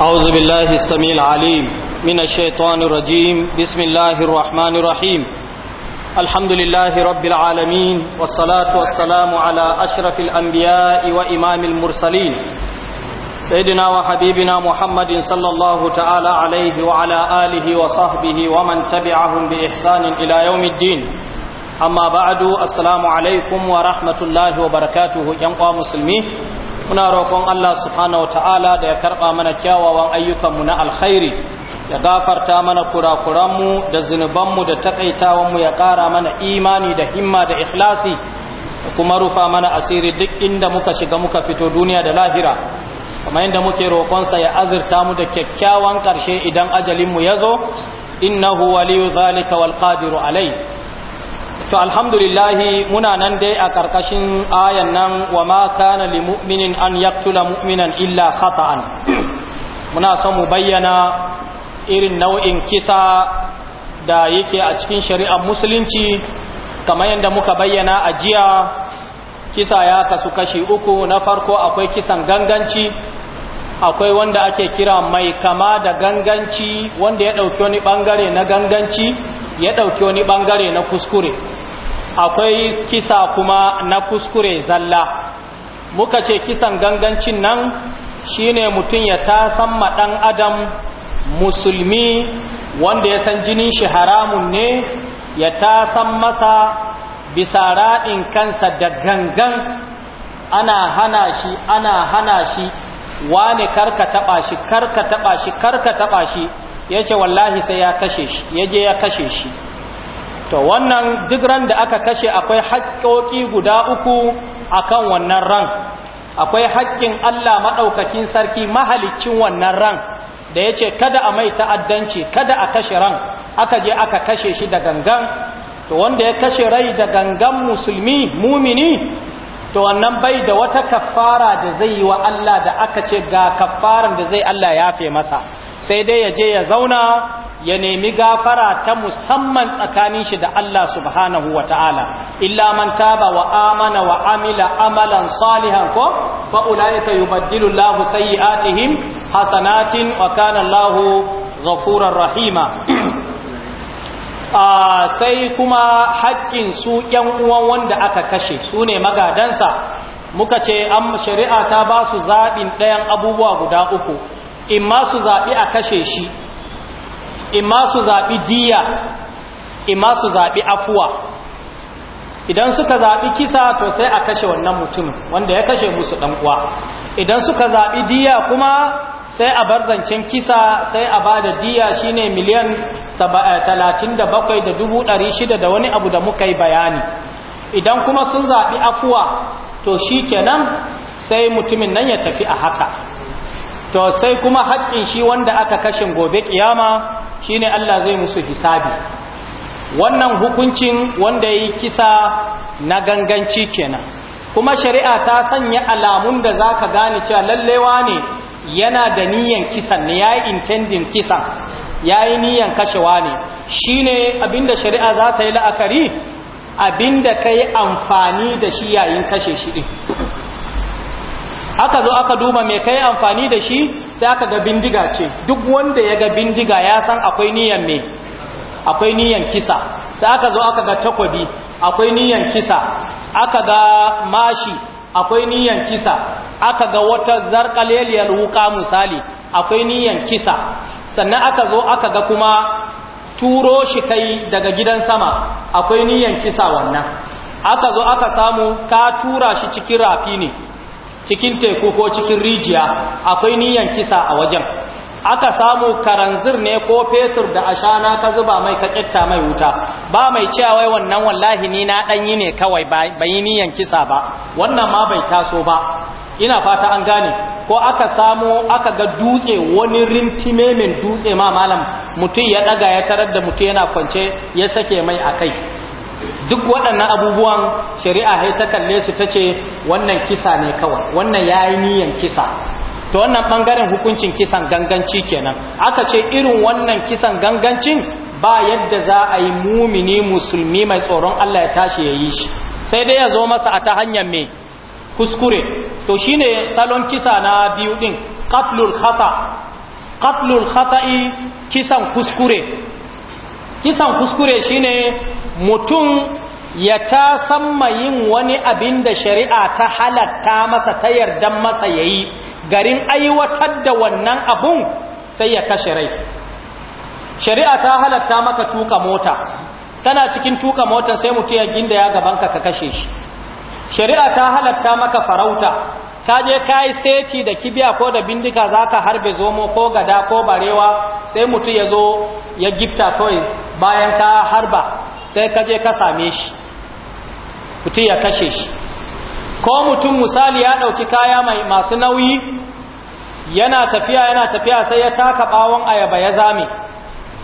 أعوذ بالله السميع العليم من الشيطان الرجيم بسم الله الرحمن الرحيم الحمد لله رب العالمين والصلاة والسلام على أشرف الأنبياء وإمام المرسلين سيدنا وحبيبنا محمد صلى الله تعالى عليه وعلى آله وصحبه ومن تبعهم بإحسان إلى يوم الدين أما بعد السلام عليكم ورحمة الله وبركاته ينقى مسلمين muna roƙon Allah subhanahu ta'ala da ya karɓa mana kyawawan ayyukanmu na alkhairi ya gafarta mana kurakuranmu da zunubanmu da taƙaitawanmu ya ƙara mana imani da himma da ikhlasi da kuma rufa mana asiri duk inda muka shiga muka fito duniya da lahira kamar inda muke roƙonsa ya azurta mu da kyakkyawan ƙarshe idan ajalinmu ya zo innahu waliyu zalika wal qadiru alai to alhamdulillahi muna nan dai a karkashin ayan nan wa ma kana li mu'minin an yaqtula mu'minan illa khata'an muna so mu bayyana irin nau'in kisa da yake a cikin shari'ar musulunci kamar yadda muka bayyana a jiya kisa ya kasu kashi uku na farko akwai kisan ganganci akwai wanda ake kira mai kama da ganganci wanda ya ɗauki wani ɓangare na ganganci ya ɗauki wani ɓangare na kuskure akwai kisa kuma na kuskure zalla muka ce kisan gangancin nan shine mutum ya ma ɗan adam musulmi wanda ya san jinin shi haramun ne ya tasan masa bisa raɗin kansa da gangan ana hana shi ana hana shi wane karka taɓa shi karka taɓa shi karka taɓa shi ya ce wallahi sai ya kashe shi ya je ya kashe shi to wannan duk ran da aka kashe akwai haƙƙoƙi guda uku akan wannan ran akwai haƙƙin Allah maɗaukakin sarki mahalicin wannan ran da ya ce kada a mai ta'addanci kada a kashe ran aka je aka kashe shi da gangan to wanda ya kashe rai da gangan musulmi mumini to wannan bai da wata kaffara da zai yi wa Allah da aka ce ga kaffaran da zai Allah yafe masa sai dai ya je ya zauna ya nemi gafara ta musamman tsakanin shi da Allah subhanahu wa ta'ala, illa man taba wa amana wa amila amalan salihan ko, fa'ula'ika yi baddilu lahu sayi atihim, hasanatin wa kanan lahu zafuran rahima. Ah, sai kuma haƙƙin su ‘yan uwan wanda aka kashe su ne magadansa, muka ce an shari'a ta ba su zaɓin ɗayan abubuwa guda uku, in ma su zaɓi a kashe shi. imma su zaɓi diya imma su zaɓi afuwa idan suka zaɓi kisa to sai a kashe wannan mutumin wanda ya kashe musu uwa idan suka zaɓi diya kuma sai a bar zancen kisa sai a ba da diya shine miliyan 37,600 eh, da wani abu da muka yi bayani idan kuma sun zaɓi afuwa to shi kenan sai mutumin nan ya tafi a haka to sai kuma haƙƙin shi wanda aka kashe gobe ƙiyama. shine Allah zai musu hisabi wannan hukuncin wanda yi kisa na ganganci kenan kuma shari'a ta sanya alamun da zaka gane cewa lallewa ne yana da niyan kisan ne yayi intending kisan yayi niyan kashewa ne shine abinda shari'a za ta yi la'akari abinda kai amfani da shi yayin kashe shi din aka zo aka duba mai kai amfani da shi sai aka ga bindiga ce duk wanda ya ga bindiga ya san akwai niyan me akwai niyan kisa sai aka zo aka ga takwabi akwai niyan kisa aka ga mashi akwai niyan kisa aka ga wata zarkaleliyar wuka misali akwai niyan kisa sannan aka zo aka ga kuma turo shi kai daga gidan sama akwai niyan kisa wannan aka zo aka samu ka tura shi cikin rafi ne cikin teku ko cikin rijiya akwai niyan kisa a wajen aka samu karanzir ne ko fetur da ashana ka zuba mai ka kitta mai wuta ba mai cewa wai wannan wallahi ni na yi ne kawai bai niyan kisa ba wannan ma bai taso ba ina fata an gane ko aka samu aka ga dutse wani rintime min dutse ma malam mutum ya ɗaga ya tarar da mutum yana kwance ya sake mai akai duk waɗannan abubuwan shari'a ya ta kalle su ta ce wannan kisa ne kawai wannan ya yi niyan kisa ta wannan ɓangaren hukuncin kisan ganganci kenan aka ce irin wannan kisan gangancin ba yadda za a yi mumini musulmi mai tsoron Allah ya tashi ya yi shi sai dai ya zo masa a ta hanyar mai kuskure to shi ne salon kisa na biyu ɗin ƙaflul hata ƙaflul hata'i kisan kuskure kisan kuskure shine mutum ya ta samma yin wani abin da shari'a ta halatta masa ta yarda masa yayi garin aiwatar da wannan abun sai ya kashe rai shari'a ta halatta maka tuka mota tana cikin tuka motar sai mutum ya ginda ya gabanka ka kashe shi shari'a ta halatta maka farauta ka je ka seti da kibiya ko da bindika zaka harbe zomo ko gada ko barewa sai mutum ya zo ya gifta kawai bayan ka harba sai ka je ka same shi mutum ya kashe shi ko mutum misali ya ɗauki kaya mai masu nauyi yana tafiya yana tafiya sai ya taka ɓawon ayaba ya zame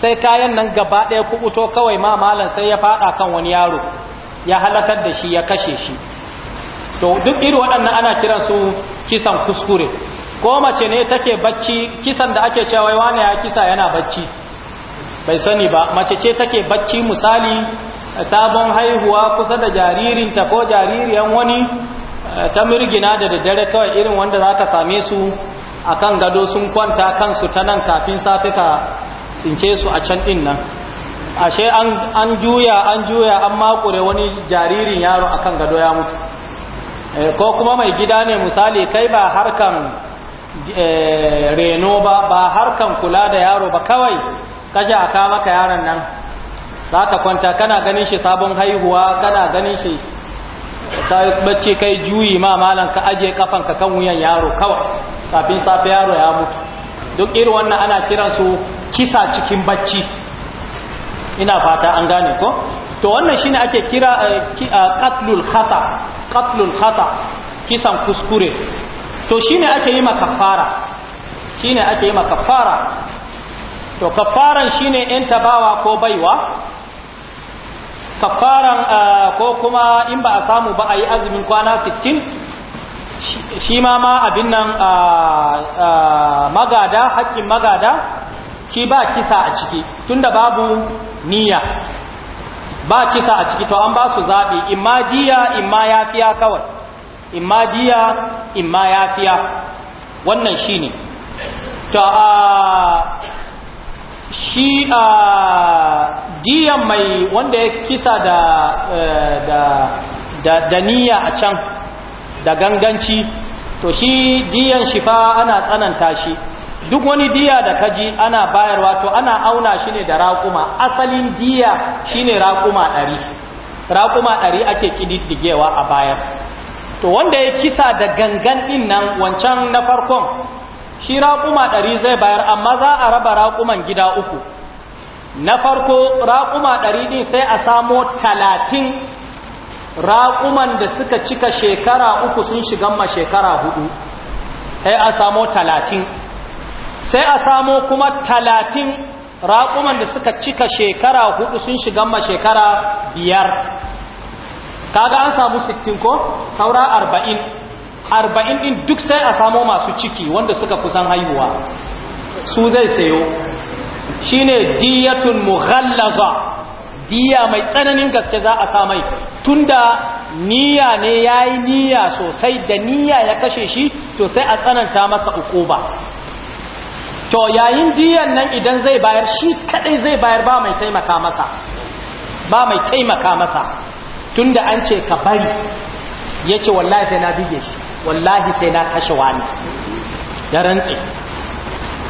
sai kayan nan gaba ɗaya kubuto kawai ma malam sai ya faɗa kan wani yaro ya halakar da shi ya kashe shi to duk iri waɗannan ana kiran su kisan kuskure ko mace ne take bacci kisan da ake cewa wai wane ya kisa yana bacci bai sani ba mace ce take bacci misali sabon haihuwa kusa da jaririnta ko jaririyan wani eh, ta mirgina da daddare kawai irin wanda za ka same su a gado sun kwanta kansu ta nan kafin safe ka tsince su a can ɗin nan ashe an juya an juya an makure wani jaririn yaro a gado ya mutu eh, ko kuma mai gida ne misali kai ba harkan eh, reno ba ba harkan kula da yaro ba kawai kaje a ka maka yaron nan za ka kwanta kana ganin shi sabon haihuwa kana ganin shi ta bacci kai juyi ma malam ka aje kafan ka kan wuyan yaro kawai kafin safe yaro ya mutu duk irin wannan ana kiransu kisa cikin bacci ina fata an gane ko to wannan shine ake kira eh, eh, qatlul khata qatlul khata kisan kuskure to shine ake yi maka fara shine ake yi maka fara. to kafaran shine ɗan tabawa ko baiwa kafaran eh, ko kuma in ba a samu ba a yi azumin kwana 60 shi ma ma abin nan eh, eh, magada hakkin magada shi ba kisa a ciki tunda babu niyya ba kisa a ciki to an ba su zaɓi imma in imma yafiya kawai imma in imma yafiya wannan shi ne shi a diyan mai wanda ya kisa eh, da da niyya a can da ganganci to shi diyan shifa ana tsananta shi duk wani diya da kaji ana bayarwa to ana auna shi ne da raƙuma asalin diya ne raƙuma ɗari raƙuma ɗari ake ƙididdigewa a bayar to wanda ya kisa da gangan ɗin nan wancan na farkon shi raƙuma ɗari zai bayar amma za a raba raƙuman gida uku na farko raƙuma ɗari ɗin sai a samo talatin raƙuman da suka cika shekara uku sun shigan ma shekara hudu sai a samo talatin sai a samo kuma talatin raƙuman da suka cika shekara hudu sun shigan ma shekara biyar kaga an samu sittin ko saura arba'in arba'in din duk sai a samo masu ciki wanda suka kusan haihuwa su zai sayo shi ne diyatun mughallaza diya mai tsananin gaske za a samai tunda niyya ne ya yi niyya sosai da niyya ya kashe shi to sai a tsananta masa ukuba to yayin diyan nan idan zai bayar shi kadai zai bayar ba mai taimaka masa ba mai taimaka masa tunda an ce ka bari yace wallahi sai na bige shi wallahi sai na kashe wani ya rantse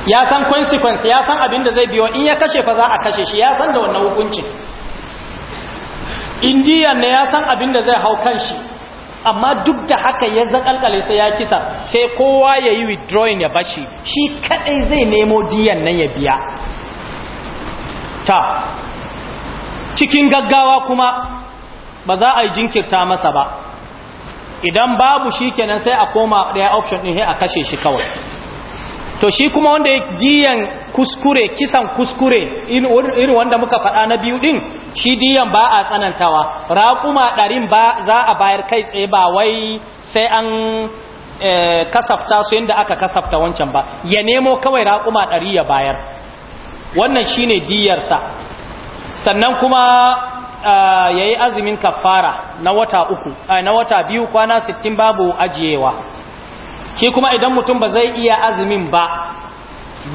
ya san consequence ya san abin da zai biyo in ya kashe fa za a kashe shi ya san da wannan hukuncin indiyan ne ya san abin da zai hau kan shi amma duk da haka ya zakalkale sai ya kisa sai kowa ya yi withdrawing ya bashi shi kadai zai nemo diyan nan ya biya ta cikin gaggawa kuma ba za a yi jinkirta masa ba idan babu shi kenan sai a koma ɗaya option ɗin a kashe shi kawai to shi kuma wanda ya diyan kuskure kisan kuskure irin wanda muka faɗa na biyu ɗin shi diyan ba a tsanantawa raƙuma ɗarin ba za a bayar kai tsaye ba wai sai an eh, kasafta su yadda aka kasafta wancan ba ya nemo kawai raƙuma ɗari ya bayar wannan shi ne diyarsa sannan kuma yayi azumin kafara na wata uku na wata biyu kwana 60 babu ajiyewa ki kuma idan mutum ba zai iya azumin ba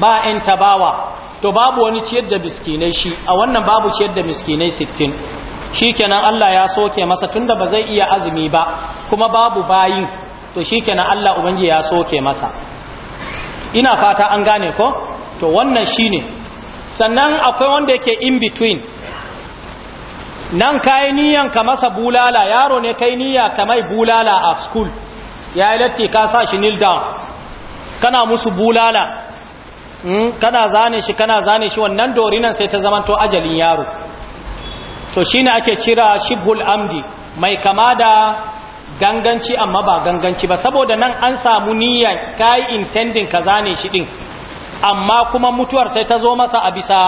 ba in tabawa to babu wani ciyar da miskinai shi a wannan babu ciyar da miskinai 60 shikenan Allah ya soke masa tunda ba zai iya azumi ba kuma babu bayin to shikenan Allah ubangi ya soke masa ina fata an gane ko to wannan shine sannan akwai wanda yake in between nan kayi niyan ka masa bulala yaro ne kai niyya ka mai bulala a school ya yi latti ka sa shi nil down kana musu bulala hmm? kana zane shi kana zane shi wannan dorinan sai ta zamanto ajalin yaro so shine ake cira shibhul amdi mai kama da ganganci amma ba ganganci ba saboda nan an samu niyyar kai intending ka zane shi din amma kuma mutuwar sai ta zo masa a bisa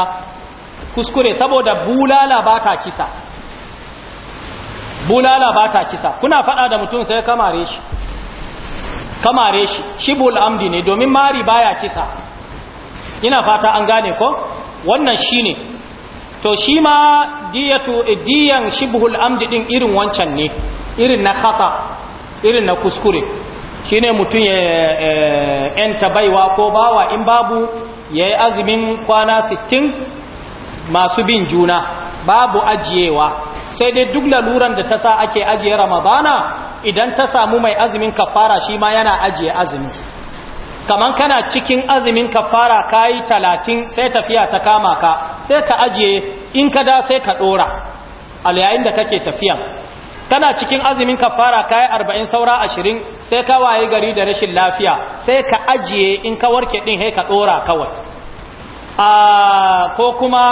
kuskure saboda bulala ba ta kisa bulala ba ta kisa kuna faɗa da mutum sai kamare shi kamare shi shibul amdi ne domin mari baya kisa ina fata an gane ko wannan shine to shi ma diyatu diyan shibhul amdi din irin wancan ne irin na khata irin na kuskure shine mutum ya yanta baiwa ko bawa in babu yayi azumin kwana 60 masu bin juna babu ajiyewa sai dai duk laluran da ta sa ake ajiye ramadana idan ta samu mai azumin kafara shi ma yana ajiye azumi kamar kana cikin azumin kafara kayi talatin sai tafiya ta kama ka sai ka ajiye in ka da sai ka dora yayin da kake tafiyan kana cikin azumin kafara kayi arba'in saura ashirin sai ka waye gari da rashin lafiya sai ka ajiye in ka warke din sai ka dora kawai ah, ko kuma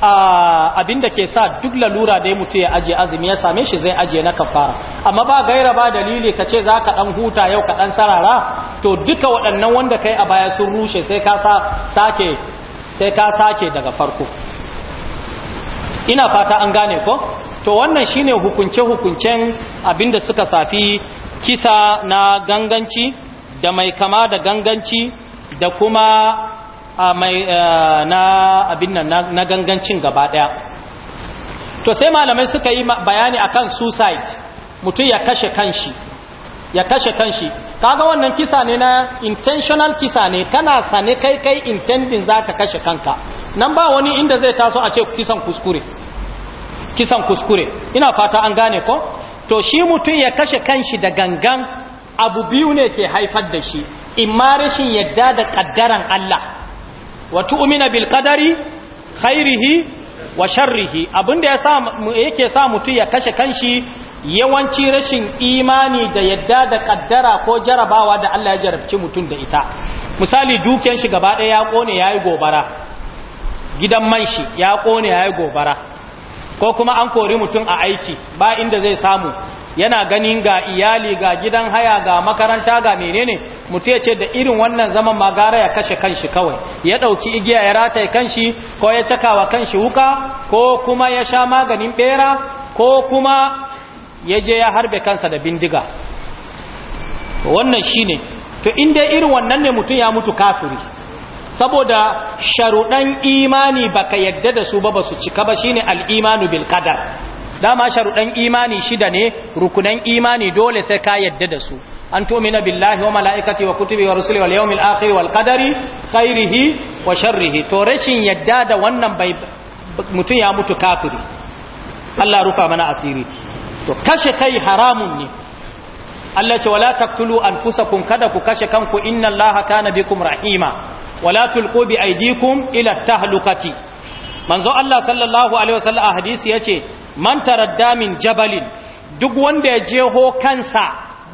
abinda ke sa duk lalura da ya mutu ya ajiye azumi ya same shi zai ajiye na kafara amma ba gaira ba dalili ka ce za ka ɗan huta yau ka ɗan sarara to duka waɗannan wanda kai a baya sun rushe sai ka sake sai daga farko ina fata an gane ko to wannan shine hukunce-hukuncen abinda suka safi kisa na ganganci da mai kama da ganganci da kuma mai eh, na abin nan na gangancin gaba daya to sai malamai suka yi bayani akan suicide mutum ya kashe kanshi ya kashe kanshi kaga wannan kisa ne na intentional kisa ne kana sane kai kai intending zaka kashe kanka nan ba wani inda zai taso a ce kisan kuskure kisan kuskure ina fata an gane ko to shi mutum ya kashe kanshi da gangan abu biyu ne ke haifar da shi imma rashin yadda da kaddaran Allah wa tu'mina bil qadari khairihi wa sharrihi abinda yasa yake sa mutum ya kashe kanshi yawanci rashin imani da yadda da kaddara ko jarabawa da Allah ya jarabci mutum da ita misali dukiyar shi gaba ɗaya ya kone yayi gobara gidan man shi ya kone yayi gobara ko kuma an kori mutum a aiki ba inda zai samu yana ganin ga iyali ga gidan haya ga makaranta ga menene mutu ya ce da irin wannan zaman magara ya kashe kanshi kawai ya ɗauki igiya ya rataye kanshi ko ya cakawa kanshi wuka ko kuma ya sha maganin bera ko kuma ya je ya harbe kansa da bindiga wannan shi ne to inda irin wannan ne mutum ya mutu kafiri saboda sharuɗan imani baka yadda da su ba ba su cika ba shine al'imanu bil qadar dama sharuɗan imani shida ne rukunan imani dole sai ka yadda da su an tu'mina billahi wa mala'ikati wa kutubi wa rusuli wal yawmil akhir wal qadari khairihi wa sharrihi to rashin yadda da wannan bai mutum ya mutu kafiri Allah rufa mana asiri to kashe kai haramun ne Allah ce wala taqtulu anfusakum kada ku kashe kanku inna Allaha kana bikum rahima wala tulqu bi aydikum ila tahlukati manzo Allah sallallahu alaihi wasallam a hadisi yace man taradda min jabalin duk wanda ya je ho kansa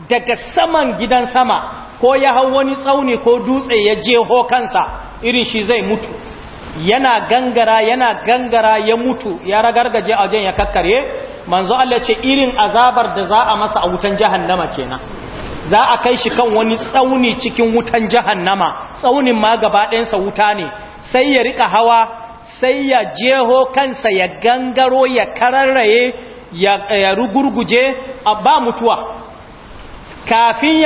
daga saman gidan sama ko ya hau wani tsauni ko dutse ya je ho kansa irin shi zai mutu yana gangara yana gangara ya mutu ya ragargaje a wajen ya kakkare manzo Allah ce irin azabar da za a masa a wutan jahannama kenan za a kai shi kan wani tsauni cikin wutan jahannama tsaunin ma gaba ɗayansa wuta ne sai ya rika hawa sai ya jeho kansa ya gangaro ya kararraye ya rugurguje a ba mutuwa kafin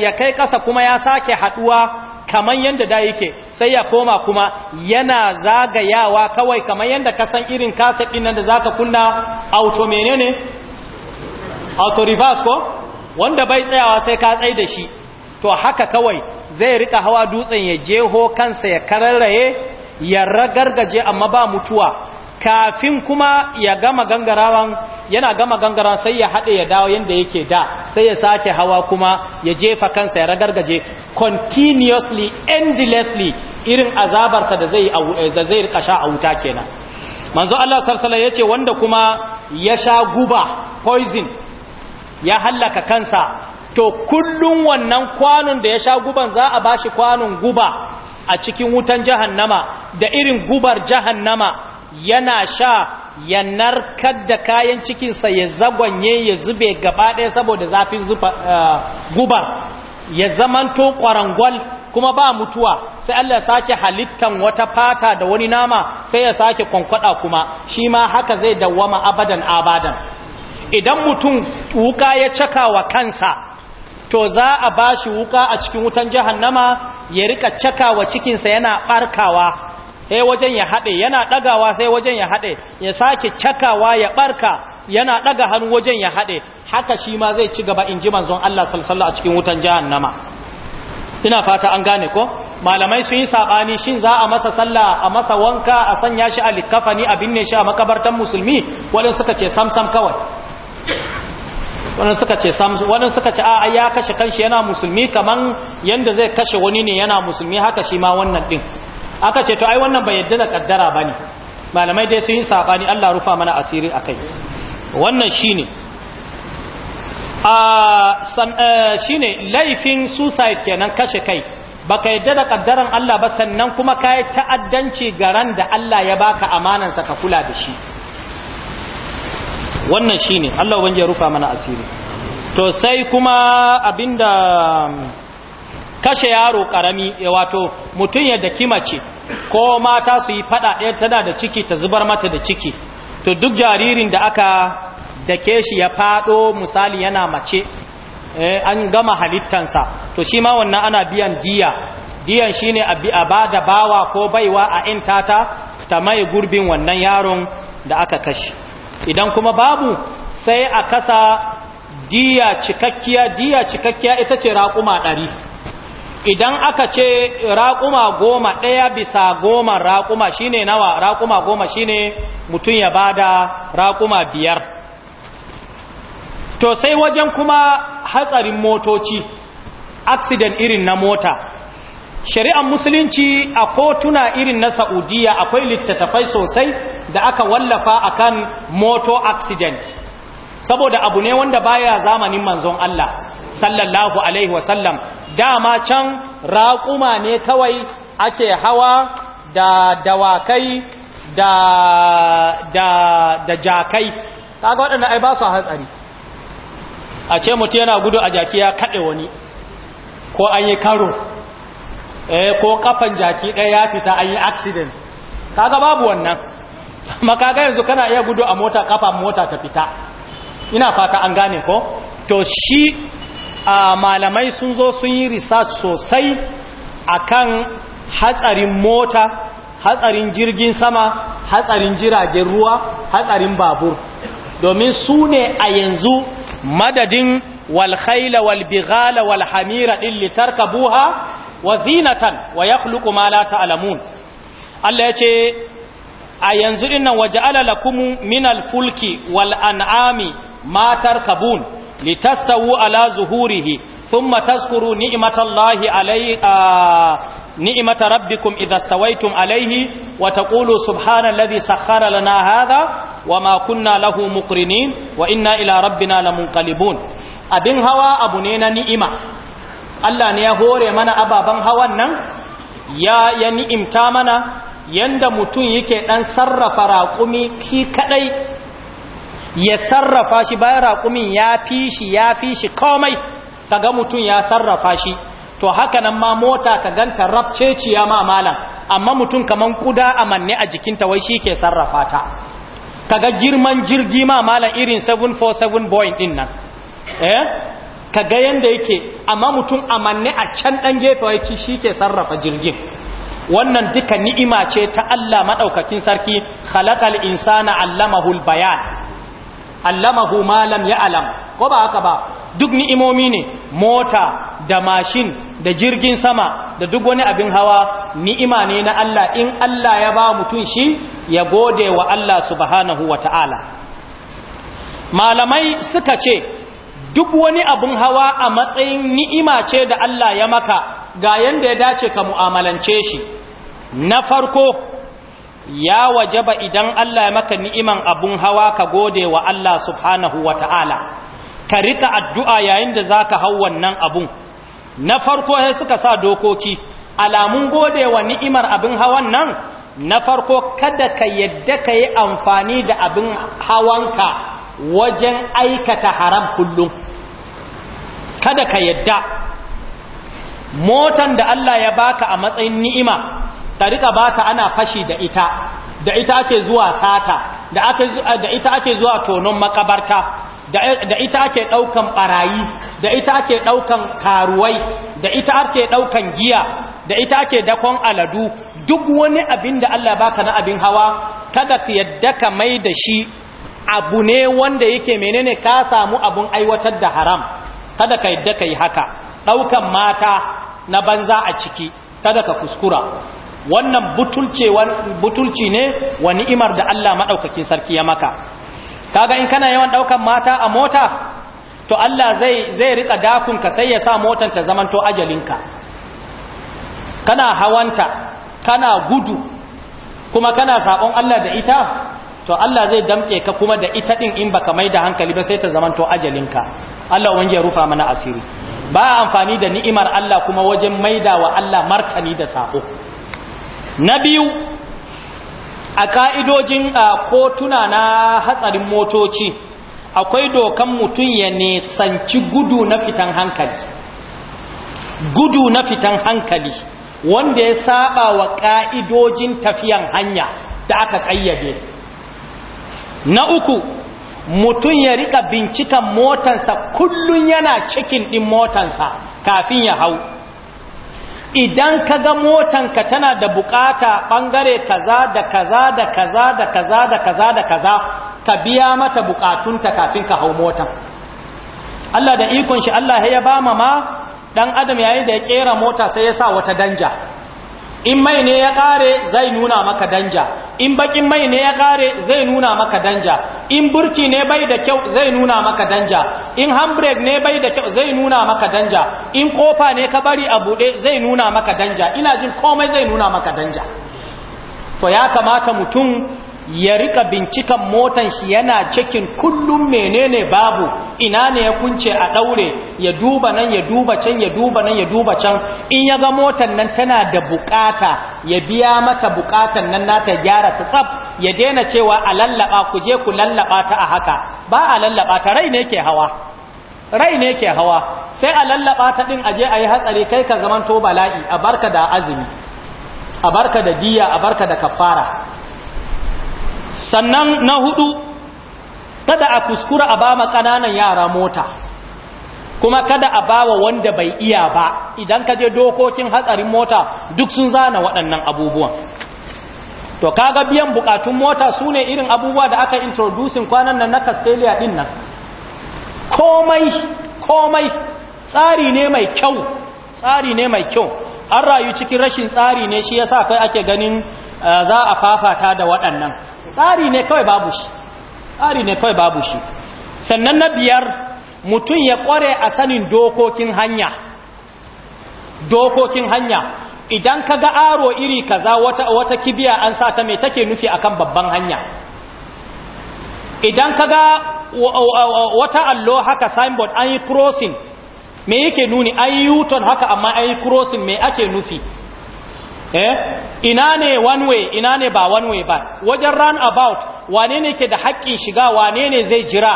ya kai ƙasa kuma ya sake haɗuwa kamar yadda da yake sai ya koma kuma yana zagayawa kawai kamar yadda ka san irin kaset nan da zaka kunna auto menene auto reverse ko wanda bai tsayawa sai ka tsai da shi to haka kawai zai rika hawa dutsen ya jeho kansa ya kararraye ya ragargaje amma ba mutuwa kafin kuma ya gama gangarawan yana gama gangarawan sai ya haɗe ya dawo yadda yake da sai ya sake hawa kuma ya jefa kansa ya ragargaje continuously endlessly irin azabarsa da zai eh, da a wuta kenan manzo Allah sarsala yace wanda kuma ya sha guba poison ya hallaka kansa to kullum wannan kwanon da ya sha guban za a bashi kwanon guba a cikin wutan jahannama da irin gubar jahannama yana sha ya narkar da kayan cikinsa ya zagwanye ya zube gaba ɗaya saboda zafin eh, gubar ya zamanto ƙwarangwal kuma ba mutuwa sai Allah ya sake halittan wata fata da wani nama sai ya sake kwankwada kuma shi ma haka zai dawwama abadan abadan idan mutum wuka ya cakawa kansa to za a ba shi wuka a cikin wutan jahannama ya rika cakawa cikinsa yana barkawa sai wajen ya haɗe yana ɗagawa sai wajen ya haɗe ya sake cakawa ya barka yana ɗaga hannu wajen ya haɗe haka shi ma zai ci gaba in ji manzon Allah salsalla a cikin wutan jahannama ina fata an gane ko malamai sun yi saɓani shin za a masa sallah a masa wanka a sanya shi a likafani a binne shi a makabartan musulmi waɗansu suka ce samsam kawai wani suka ce wani suka ce a ya kashe kanshi yana musulmi kaman yanda zai kashe wani ne yana musulmi haka shi ma wannan din aka ce to ai wannan bai yadda da kaddara bane malamai dai sun yi sabani Allah rufa mana asiri akai wannan shine a san eh, shine laifin suicide kenan kashe kai baka yadda da kaddaran Allah ba sannan kuma kai ta'addanci garan da Allah ya baka amanansa ka kula da shi wannan shine Allah ubangiji ya rufa mana asiri to sai kuma abinda um, kashe yaro karami wato mutum ya daki mace ko mata su yi fada ɗaya tana da ciki ta zubar mata da ciki to duk jaririn da aka dake shi ya fado misali yana mace eh, an gama halittansa to shi ma wannan ana biyan diya diyan shine a ba da bawa ko baiwa a intata ta mai gurbin wannan yaron da aka kashe idan kuma babu sai a kasa diya cikakkiya diya cikakkiya ita ce raƙuma ɗari idan aka ce raƙuma goma ɗaya bisa goma raƙuma shine nawa raƙuma goma shine mutum ya bada raƙuma biyar to sai wajen kuma hatsarin motoci accident irin na mota shari'ar musulunci a kotuna irin na saudiya akwai littattafai sosai da aka wallafa akan moto accident saboda abu ne wanda baya zamanin manzon Allah sallallahu alaihi wasallam dama can raƙuma ne kawai ake hawa da dawakai da da da jakai kaga waɗanda ai ba su hatsari a ce mutum yana gudu a jaki ya kaɗe wani ko an yi karo eh ko kafan jaki ɗaya ya fita an yi accident kaga babu wannan makaga yanzu kana iya gudu a mota kafa mota ta fita ina fata an gane ko to shi a malamai sun zo sun yi research sosai akan hatsarin mota hatsarin jirgin sama hatsarin jiragen ruwa hatsarin babur domin su ne a yanzu madadin walhaila walbighala walhamira din buha wa zinatan wa yakhluqu ma la ta'lamun Allah ya ce a yanzu ina waje alalakumu minal fulki wal an'ami matar kabun litastawu ala zuhurihi Tumma taskuru ni'matallahi alayhi ni'mat rabbikum idha stawaytum alaihi. wa taqulu subhana alladhi sakhkhara lana Wa makunna lahu muqrinin wa inna ila rabbina lamunqalibun abin hawa abune na ni'ima Allah ne ya hore mana ababen hawan nan ya ya ni'imta mana yanda mutum yake dan sarrafa raƙumi shi kadai ya sarrafa shi bayan raƙumin ya fi shi ya fi shi komai kaga mutum ya sarrafa shi to haka nan ma mota ka ganta rabceciya ma malam amma mutum kaman kuda a manne a jikinta wai shi ke sarrafa ta kaga girman jirgi ma malam irin 747 boeing din nan eh kaga yanda yake amma mutum a manne a can dan gefe wai shi ke sarrafa jirgin wannan duka ni'ima ce ta Allah madaukakin sarki khalaqal insana allamahul bayan allamahu ma lam ya'lam ko ba haka ba duk ni'imomi ne mota da mashin da jirgin sama da duk wani abin hawa ni'ima ne na Allah in Allah ya ba mutum shi ya gode wa Allah subhanahu wata'ala malamai suka ce duk wani abin hawa a matsayin ni'ima ce da Allah ya maka ga yanda ya dace ka mu'amalance shi na farko ya wajaba idan Allah ya maka ni'iman abun hawa ka gode wa Allah subhanahu wa ta'ala ka rika addu'a yayin da za ka hau wannan abun na farko sai suka sa dokoki alamun gode wa ni'imar abin hawan nan na farko kada ka yadda ka yi amfani da abin hawanka wajen aikata haram kullum kada ka yadda motan da Allah ya baka a matsayin ni'ima ta rika bata ana fashi da ita da ita ake zuwa sata da eh, ita ake zuwa tonon makabarta da ita ake daukan barayi da ita ake daukan karuwai da ita ake daukan giya da ita ake dakon aladu duk wani abin da Allah baka na abin hawa kada ka yadda ka mai da shi abu ne wanda yake menene ka samu abun aiwatar da haram kada ka yadda ka haka daukan mata na banza a ciki kada ka kuskura wannan butulci ne wa ni'imar da Allah maɗaukakin sarki ya maka kaga in kana yawan ɗaukan mata a mota to Allah zai zai rika dakunka sai ya sa motan ta zamanto ajalinka kana hawanta kana gudu kuma kana sabon Allah da ita to Allah zai damke ka kuma da ita ɗin in baka mai da hankali ba sai ta zamanto ajalinka Allah wani ya rufa mana asiri ba amfani da ni'imar Allah kuma wajen maida wa Allah martani da sako na biyu a ka'idojin kotuna na hatsarin motoci akwai dokan mutum ya nisanci gudu na fitan hankali gudu na fitan hankali wanda ya saba wa ka'idojin tafiyan hanya da aka ƙayyade na uku mutum ya rika bincikan motansa kullum yana cikin ɗin motansa kafin ya hau idan ka ga motanka tana da bukata bangare kaza da kaza da kaza da kaza da kaza da kaza ka biya mata bukatunta kafin ka hau motan Allah da ikon shi Allah ya ba ma ma dan adam yayin da ya kera mota sai ya sa wata danja in mai ne ya kare zai nuna maka danja in bakin mai ne ya kare zai nuna maka danja in burki ne bai da kyau zai nuna maka danja in handbrake ne bai da kyau zai nuna maka danja in kofa ne ka bari a bude zai nuna maka danja ina jin komai zai nuna maka danja to ya kamata mutum ya rika bincikan motan shi yana cikin kullum menene babu ina ne ya kunce a daure ya duba nan ya duba can ya duba nan ya duba can in ya ga motan nan tana da bukata ya biya mata bukatan nan nata gyara ta tsab ya daina cewa a lallaba ku je ku lallaba ta a haka ba a lallaba ta rai ne ke hawa rai ne ke hawa sai a lallaba ta din aje a yi hatsari kai ka zamanto bala'i a barka da azumi a barka da diya a barka da kafara sannan na hudu kada a kuskura a ba ma ƙananan yara mota kuma kada a bawa wanda bai iya ba idan ka je dokokin hatsarin mota duk sun zana waɗannan abubuwan to kaga biyan bukatun mota su ne irin abubuwa da aka introducin kwanan nan na castelia din nan komai komai tsari ne mai kyau tsari ne mai kyau an rayu cikin rashin tsari ne shi yasa kai ake ganin eh, za a fafata da waɗannan tsari ne kawai babu shi tsari ne kawai babu shi sannan na biyar mutum ya kware a sanin dokokin hanya dokokin hanya idan ka ga aro iri kaza wata, wata kibiya an sa ta mai take nufi akan babban hanya idan ka ga wata allo haka signboard an yi crossing me yake nuni an yi haka amma an yi crossing me ake nufi eh ina ne one way ina ne ba one way ba wajen run about wane ne ke da haƙƙin shiga wane ne zai jira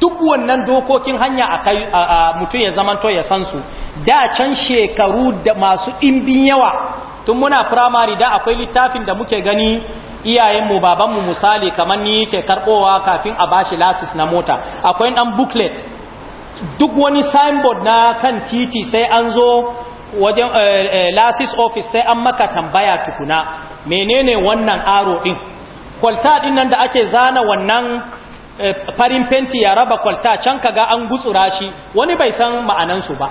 duk wannan dokokin hanya a mutum ya zamanto ya san su da can shekaru da masu ɗimbin yawa tun muna firamare da akwai littafin da muke gani iyayenmu babanmu misali kamar ni ke karɓowa kafin a bashi lasis na mota akwai ɗan booklet duk wani signboard na kan titi sai an zo wajen eh, eh, lasis ofis sai an maka tambaya tukuna menene wannan aro din kwalta din nan da ake zana wannan eh, farin fenti ya raba kwalta can kaga an gutsura shi wani bai san ma'anansu ba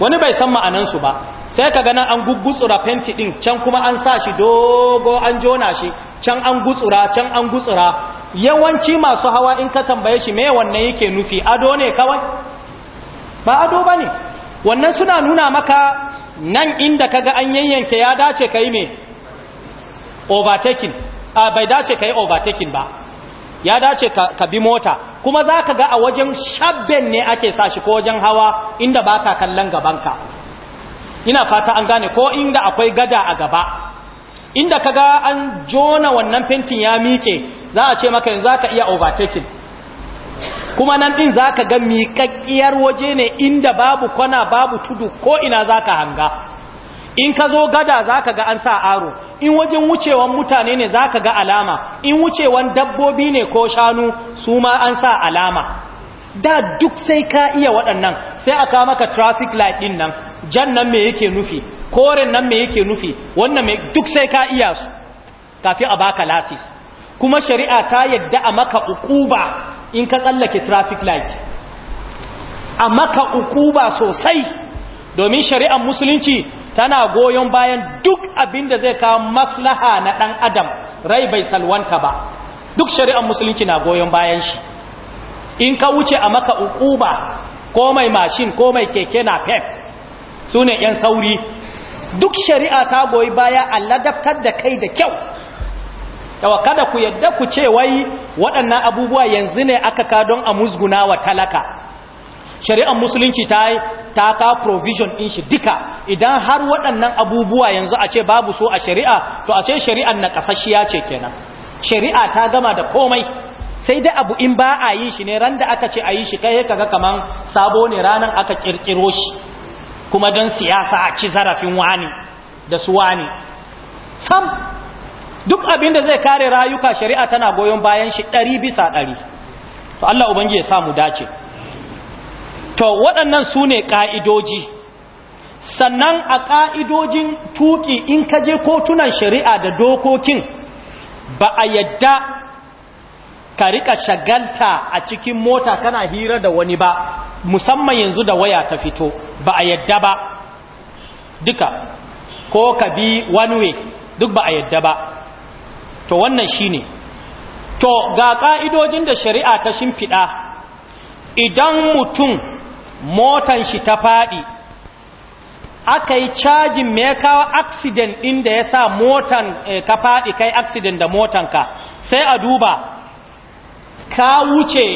wani bai san ma'anansu ba sai kaga nan an gugutsura fenti din can kuma an sa shi dogo an jona shi can an gutsura can an gutsura yawanci masu hawa in ka tambaye shi me wannan yake nufi ado ne kawai ba ado bane wannan suna nuna maka nan inda kaga an yayyanke ya dace kai me overtaking a bai dace kai overtaking ba ya dace ka bi mota kuma za ka ga a wajen shabben ne ake sa shi ko wajen hawa inda ba ka kallon gabanka ina fata an gane ko inda akwai gada a gaba inda ka ga an jona wannan fentin ya miƙe za a ce maka yanzu za ka iya overtaking kuma nan din zaka ga miƙaƙƙiyar waje ne inda babu kwana babu tudu ko ina zaka hanga in ka zo gada zaka ga an sa aro in wajen wucewan mutane ne zaka ga alama in wucewan dabbobi ne ko shanu su ma an sa alama da duk sai ka iya waɗannan sai aka maka traffic light din nan jan nan me yake nufi koren nan me yake nufi wannan me duk sai ka iya su kafi a baka lasis kuma shari'a ta yadda a maka ukuba in ka tsallake traffic light a maka ukuba sosai domin shari'ar musulunci tana goyon bayan duk abin da zai kawo maslaha na ɗan adam rai bai salwanta ba duk shari'ar musulunci na goyon bayan shi in ka wuce a maka ukuba ko mai mashin ko mai keke na pep su ne 'yan sauri duk shari'a ta goyi baya a ladabtar da kai da kyau yawa kada ku yadda ku ce wai waɗannan abubuwa yanzu ne aka ka don a musguna wa talaka shari'ar musulunci ta ta ka provision din shi duka idan har waɗannan abubuwa yanzu a ce babu so a shari'a to a ce shari'ar na ƙasashiya ce kenan shari'a ta gama da komai sai dai abu in ba a yi shi ne ran da aka ce a yi shi kai kaga kaman sabo ne ranar aka ƙirƙiro shi kuma don siyasa a ci zarafin wani da su wani sam duk abin da zai kare rayuka shari'a tana goyon bayan shi ɗari bisa ɗari to Allah ubangi ya samu dace to waɗannan su ne ƙa'idoji sannan a ƙa'idojin tuƙi in ka je kotunan shari'a da dokokin ba a yadda ka riƙa shagalta a cikin mota kana hira da wani ba musamman yanzu da waya ta fito ba a yadda ba duka ko ka bi wani way duk ba a yadda ba to wannan shi ne. to ga ƙa'idojin da shari'a ta shimfiɗa idan mutum motan shi ta faɗi aka yi cajin me kawo aksiden ɗin da ya sa motan eh, ka faɗi kai aksiden da motanka sai a duba ka wuce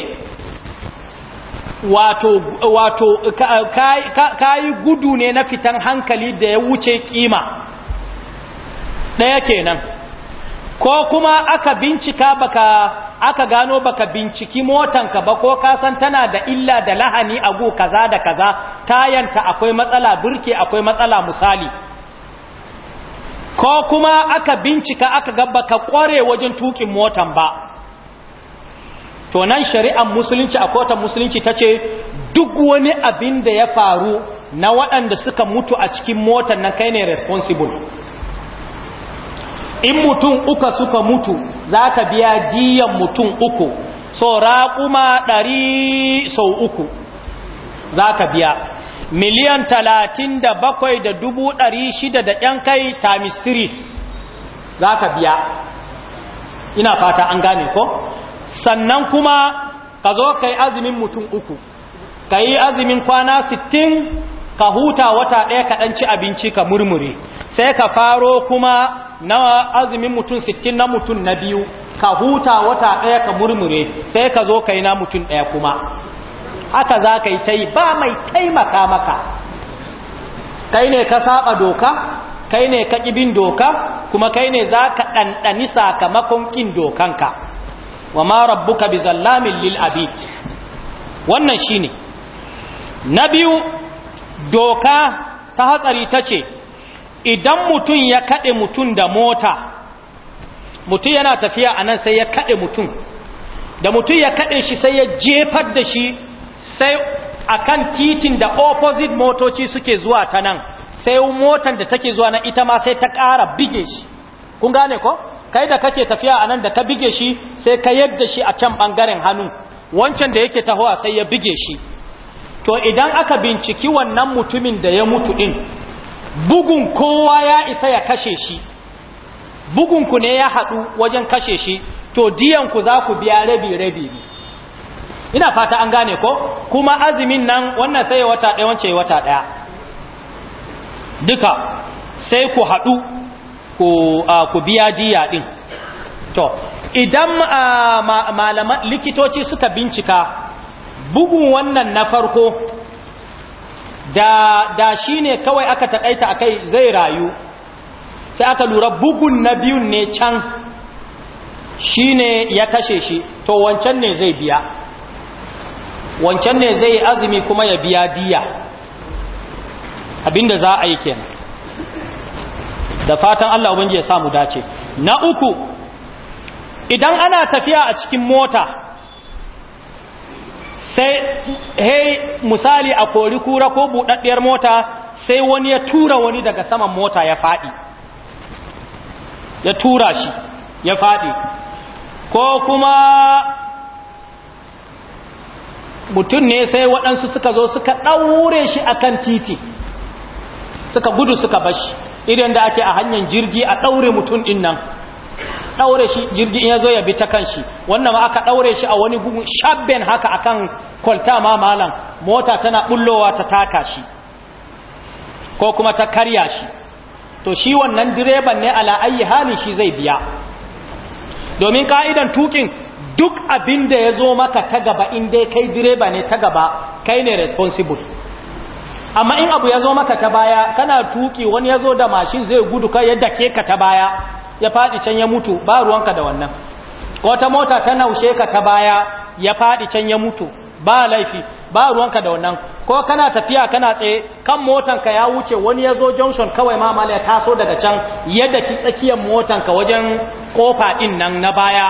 wato wato yi gudu ne na fitan hankali da ya wuce kima ɗaya kenan ko kuma aka bincika baka aka gano baka binciki motanka ba ko ka san tana da illa da lahani agu kaza da kaza tayanta akwai matsala burke akwai matsala misali ko kuma aka bincika aka ga baka kware wajen tukin motan ba to nan shari'ar musulunci a kotun musulunci ta ce duk wani abin da ya faru na waɗanda suka mutu a cikin motan nan kai ne responsible in mutum uka suka mutu za ka biya jiyan mutum uku so raƙuma ɗari sau uku za ka biya miliyan talatin da bakwai da dubu ɗari shida da ɗan kai times Street, za ka biya ina fata an gane ko sannan kuma ka zo ka yi azumin mutum uku ka yi azumin kwana sittin ka huta wata ɗaya ka ɗanci abinci ka murmure sai ka faro kuma na azumin mutum sittin na mutum na biyu ka huta wata ɗaya ka murmure sai ka zo ka yi na mutum ɗaya kuma haka za ka yi ta yi ba mai taimaka maka kai ne ka saba doka kai ne ka ƙibin doka kuma kai ne za ka ɗanɗani sakamakon ƙin dokanka wa ma rabbuka bi zallamin lil abid wannan shine na biyu doka ta hatsari ta ce idan mutum ya kaɗe mutum da mota mutum yana tafiya a nan sai ya kaɗe mutum da mutum ya kaɗe shi sai ya jefar da shi sai akan titin da opposite motoci suke zuwa ta nan sai motan da take zuwa na ita ma sai ta ƙara bige shi kun gane ko kai da kake tafiya a nan da ka bige shi sai ka yadda shi a can ɓangaren hannu wancan da yake tahowa sai ya bige shi to idan aka binciki wannan mutumin da ya mutu ɗin bugun kowa ya isa ya kashe shi bugunku ne ya haɗu wajen kashe shi to diyanku za ku biya rabi-rabi ina fata an gane ko kuma azumin nan wannan sai wata ɗaya wance wata ɗaya duka sai ku haɗu ku biya diya ɗin to idan malaman likitoci suka bincika bugun wannan na farko da da ne kawai aka taɗaita a kai zai rayu sai aka lura bugun na biyun ne can shine ya kashe shi to wancan ne zai biya wancan ne zai azumi kuma ya biya diya abinda za a yi kenan da fatan Allah ubangi ya samu dace na uku idan ana tafiya a cikin mota sai hey misali a kori kura ko buɗaɗɗiyar mota sai wani ya tura wani daga saman mota ya faɗi ya tura shi ya faɗi ko kuma mutum ne sai waɗansu suka zo suka ɗaure shi akan titi suka gudu suka bashi idan da ake a hanyar jirgi a ɗaure mutum ɗin nan daure shi jirgin ya zo ya bi ta kanshi wannan ma aka daure shi a wani bugun shabben haka akan kwalta ma malam mota tana bullowa ta taka shi ko kuma ta karya shi to shi wannan direban ne ala ayi hali shi zai biya domin ka'idan tukin duk abin da ya zo maka ta gaba in dai kai direba ne ta gaba kai ne responsible amma in abu ya zo maka ta baya kana tuki wani ya zo da mashin zai gudu ka yadda ke ka ta baya ya faɗi can ya mutu ba ruwanka da wannan wata mota ta naushe ka ta baya ya faɗi can ya mutu ba laifi ba ruwanka da wannan ko kana tafiya kana tsaye kan motanka ya wuce wani ya zo junction kawai mamala ya taso daga can yadda ki tsakiyar motanka wajen kofa ɗin nan na baya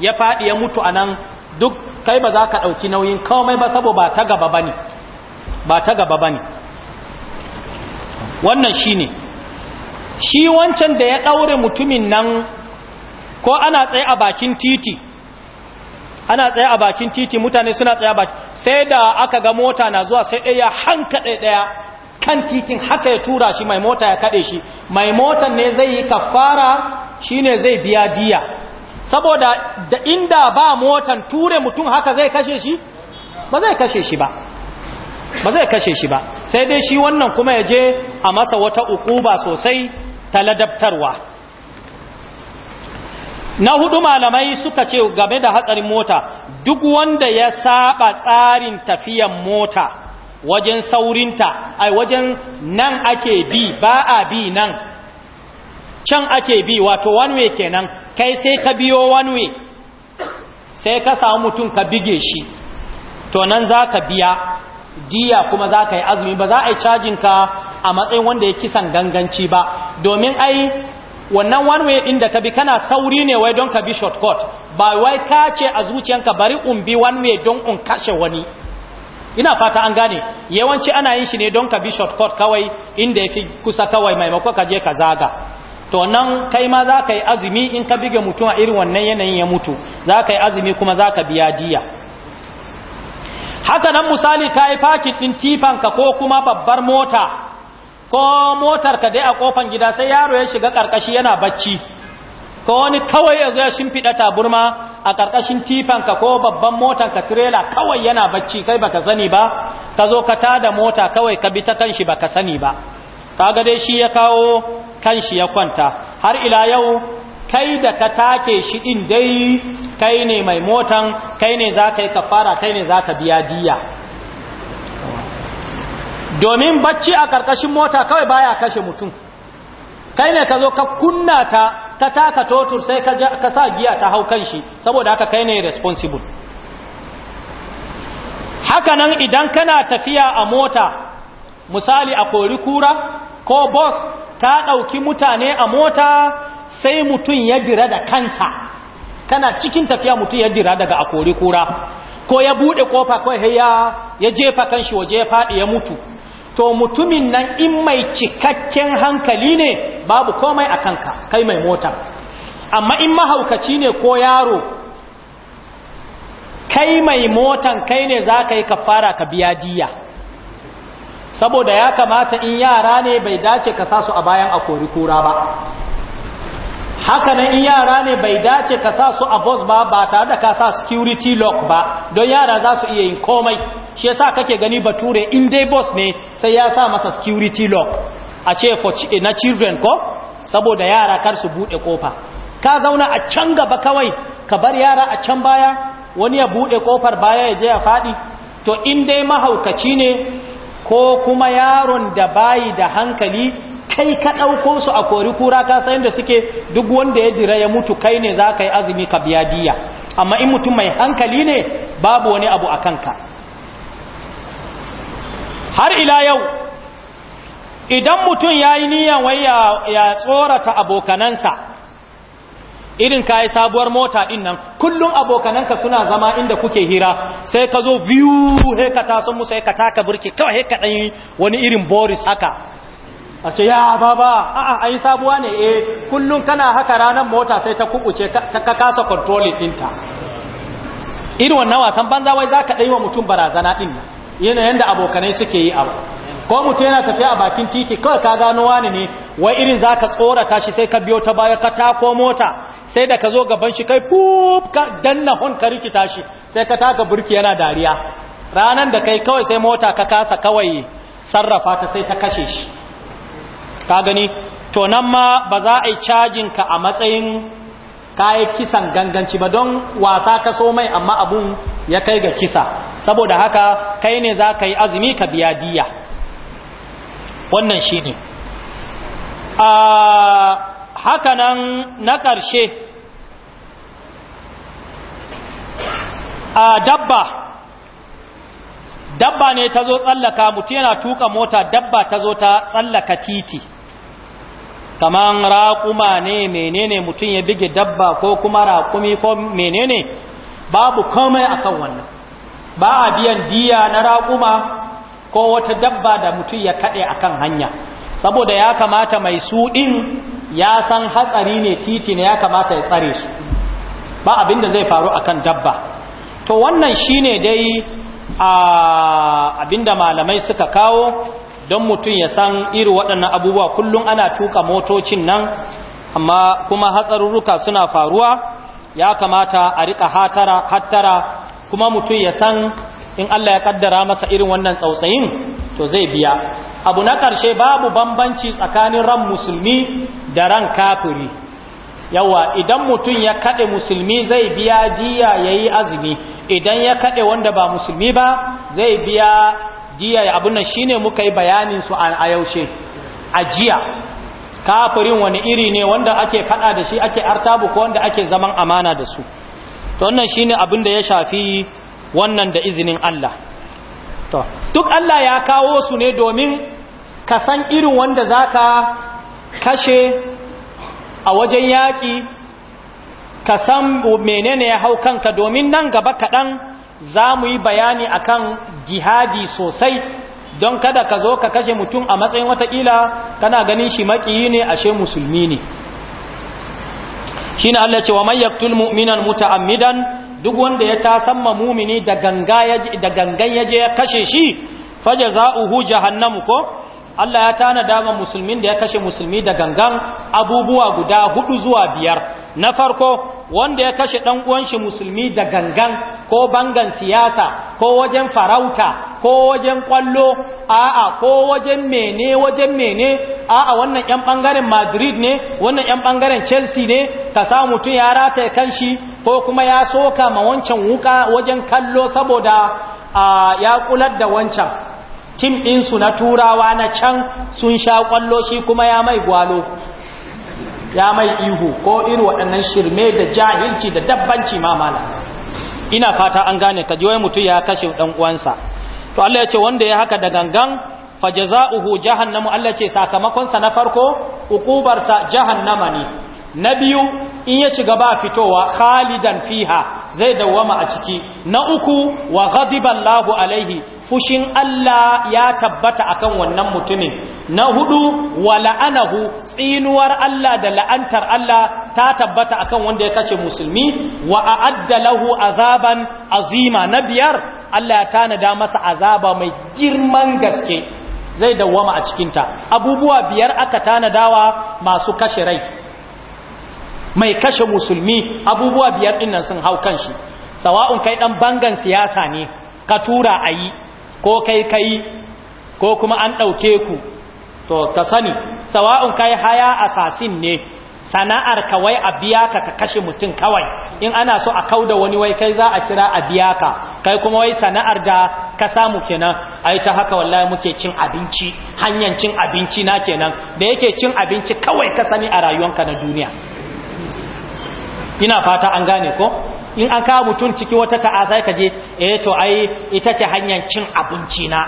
ya faɗi ya mutu anan duk kai ba za ka ɗauki nauyin komai ba sabo ba ta gaba ba ba ta gaba ba wannan shine ne shi wancan da ya ɗaure mutumin nan ko ana tsaye a bakin titi ana tsaye a bakin titi mutane suna tsaye a bakin sai da aka ga mota na zuwa sai ɗaya hanka ɗaya kan titin haka ya tura shi mai mota ya kaɗe shi mai motan ne zai yi kafara shi ne zai biya diya saboda da inda ba motan ture mutum haka zai kashe shi ba zai kashe shi ba ba zai kashe shi ba sai dai shi wannan kuma ya je a masa wata uku ba sosai ta ladabtarwa na hudu malamai suka ce game da hatsarin mota duk wanda ya saba tsarin tafiyan mota wajen saurinta ai wajen nan ake bi ba a bi nan can ake bi wato one way kenan kai sai ka biyo one way sai ka samu mutum ka bige shi to nan za ka biya diya kuma za ka yi azumi ba za a yi cajinka a matsayin wanda ya kisan ganganci ba domin ai wannan one way inda ka bi kana sauri ne wai don ka bi shortcut ba wai ka ce a zuciyanka bari in bi one way don in kashe wani ina fata an gane yawanci ana yin shi ne don ka bi shortcut kawai inda ya fi kusa kawai maimakon ka je ka zaga to nan kai ma za ka yi azumi in ka bige mutum a irin wannan yanayin ya mutu za ka yi azumi kuma za ka biya diya haka nan misali ta yi fakin ɗin tifanka ko kuma babbar mota ko motar ka dai a kofan gida sai yaro ya shiga ƙarƙashi yana bacci ko wani kawai ya zo ya shimfiɗa taburma a ƙarƙashin tifanka ko babban motanka tirela kawai yana bacci kai baka sani ba ka zo ka tada mota kawai ka bi ta kanshi baka sani ba kaga dai shi ya kawo kanshi ya kwanta har ila yau kai da ka take shi ɗin dai kai ne mai motan kai ne za ka yi kafara kai ne za ka biya diya domin bacci a ƙarƙashin mota kawai baya kashe mutum kai ne ka zo ka kunna ta ka taka totur sai ka sa giya ta hau kan shi saboda haka kai ne responsible haka nan idan kana tafiya a mota misali a kori kura ko bus ta ɗauki mutane a mota sai mutum ya dira da kansa kana cikin tafiya mutum ya dira daga akori kura ko ya bude kofa ko ya ya jefa kanshi waje ya fadi ya mutu to mutumin nan in mai cikakken hankali ne babu komai a kanka kai mai mota amma in mahaukaci ne ko yaro kai mai motan kai ne za ka yi ka fara ka biya diya saboda ya kamata in yara ne bai dace ka sa su a bayan akori kura ba haka nan in yara ne bai dace ka sa su a bus ba ba tare da ka sa security lock ba don yara za su iya yin komai shi yasa kake gani bature in dai bus ne sai ya sa masa security lock a ce for na children ko saboda yara kar su bude kofa ka zauna a can gaba kawai ka bar yara a can baya wani ya bude kofar baya ya je ya fadi to in dai mahaukaci ne ko kuma yaron da bayi da hankali kai ka ɗauko su a kori kura ka san da suke duk wanda ya jira ya mutu kai ne za ka yi azumi ka biya diya amma in mutum mai hankali ne babu wani abu a kanka har ila yau idan mutum ya yi niyan wai ya tsorata abokanansa irin ka yi sabuwar mota ɗin nan kullum abokananka suna zama inda kuke hira sai ka zo biyu ka taso musa hekata ka he kawai hekata wani irin boris haka a ce ya baba a'a yi sabuwa ne E kullum kana haka ranar mota sai ta kukuce ka kasa kontrolin dinta irin wannan wasan banza wai za ka wa mutum barazana ɗin yanayin da abokanai suke yi abu ko mutum yana tafiya a bakin titi kawai ka gano wani ne wai irin za ka tsorata shi sai ka biyo ta baya ka tako mota sai da ka zo gaban shi kai fuf ka danna hon ka rikita shi sai ka taka burki yana dariya ranan da kai kawai sai mota ka kasa kawai sarrafa ta sai ta kashe shi ka gani to nan ma ba za a yi cajin ka a matsayin kayan kisan ganganci ba don wasa ka so mai amma abun ya kai ga kisa saboda haka kai ne za ka yi azumi ka biya diya wannan shi ne haka nan na ƙarshe a dabba dabba ne ta zo tsallaka mutu yana tuka mota dabba ta zo ta tsallaka titi kaman raƙuma ne menene mutum ya bige dabba ko kuma raƙumi ko menene babu komai akan wannan ba a biyan diya na raƙuma ko wata dabba da mutum ya kaɗe akan hanya saboda ya kamata mai suɗin ya san hatsari ne titi ne ya kamata ya tsare su ba abinda zai faru akan dabba to wannan shine dai abinda malamai suka kawo don mutum ya san iri waɗannan abubuwa kullum ana tuka motocin nan amma kuma hatsarurruka suna faruwa ya kamata a riƙa hatara, hattara kuma mutum ya san in Allah ya ƙaddara masa irin wannan tsautsayin to zai biya abu na ƙarshe babu bambanci tsakanin ran musulmi da ran kafiri yawa idan mutum ya kaɗe musulmi zai biya jiya ya yi azumi idan ya kaɗe wanda ba musulmi ba zai biya ya abunan shi shine muka yi bayanin su a yaushe a jiya kafirin wani iri ne wanda ake fada da shi ake artabu ko wanda ake zaman amana da su to wannan shine abin da ya shafi wannan da izinin Allah to duk Allah ya kawo su ne domin ka san irin wanda za ka kashe a wajen yaki ka san menene ya hau kanka domin nan gaba kaɗan za mu yi bayani akan jihadi sosai don kada ka zo ka kashe mutum a matsayin watakila kana ganin shi makiyi ne ashe musulmi ne shine Allah ce wa man yaqtul mu'minan muta'ammidan duk wanda ya samma mumini da ganga ya da gangan yaje ya kashe shi fajaza'uhu jahannamu ko Allah ya tana dama musulmin da ya kashe musulmi da gangan abubuwa guda hudu zuwa biyar na farko wanda ya kashe dan uwan shi musulmi da gangan ko bangan siyasa ko wajen farauta ko wajen kwallo a'a ko wajen mene wajen mene a'a wannan yan bangaren Madrid ne wannan yan bangaren Chelsea ne ka samu mutum ya kan kanshi ko kuma ya soka ma wancan wuka wajen kallo saboda ya kular da wancan tim su na turawa na can sun sha kwallo shi kuma ya mai gwalo ya mai ihu ko irin waɗannan shirme da jahilci da dabbanci mamala ina fata an gane ka wai mutum ya kashe dan uwansa to Allah ya ce wanda ya haka da gangan fajaza'uhu jahannamu Allah ce sakamakon sa na farko ukubar sa jahannama ne na biyu in ya shiga ba fitowa khalidan fiha zai dawwama a ciki na uku wa ghadiba Allahu alaihi fushin Allah ya tabbata akan wannan mutumin na hudu wa la'anahu tsinuwar Allah da la'antar Allah ta tabbata akan wanda ya kace musulmi wa a'adda lahu azaban azima na biyar Allah ya tanada masa azaba mai girman gaske zai dawwama a cikinta abubuwa biyar aka tanadawa masu kashe rai mai kashe musulmi abubuwa biyar dinnan sun hau kan shi sawa'un kai dan bangan siyasa ne ka tura a yi ko kai kai ko kuma an ɗauke ku to ka sani sawa'un kai haya assassin ne sana'ar ka wai a biya ka ka kashe mutum kawai in ana so a kauda wani wai kai za a kira a biya ka kai kuma wai sana'ar da ka samu kenan ai ta haka wallahi muke cin abinci hanyar cin abinci na kenan da yake cin abinci kawai ka sani a rayuwanka na duniya ina fata an gane ko in an kawo mutum ciki wata sai ka je eh to ai ita ce hanyar cin abinci na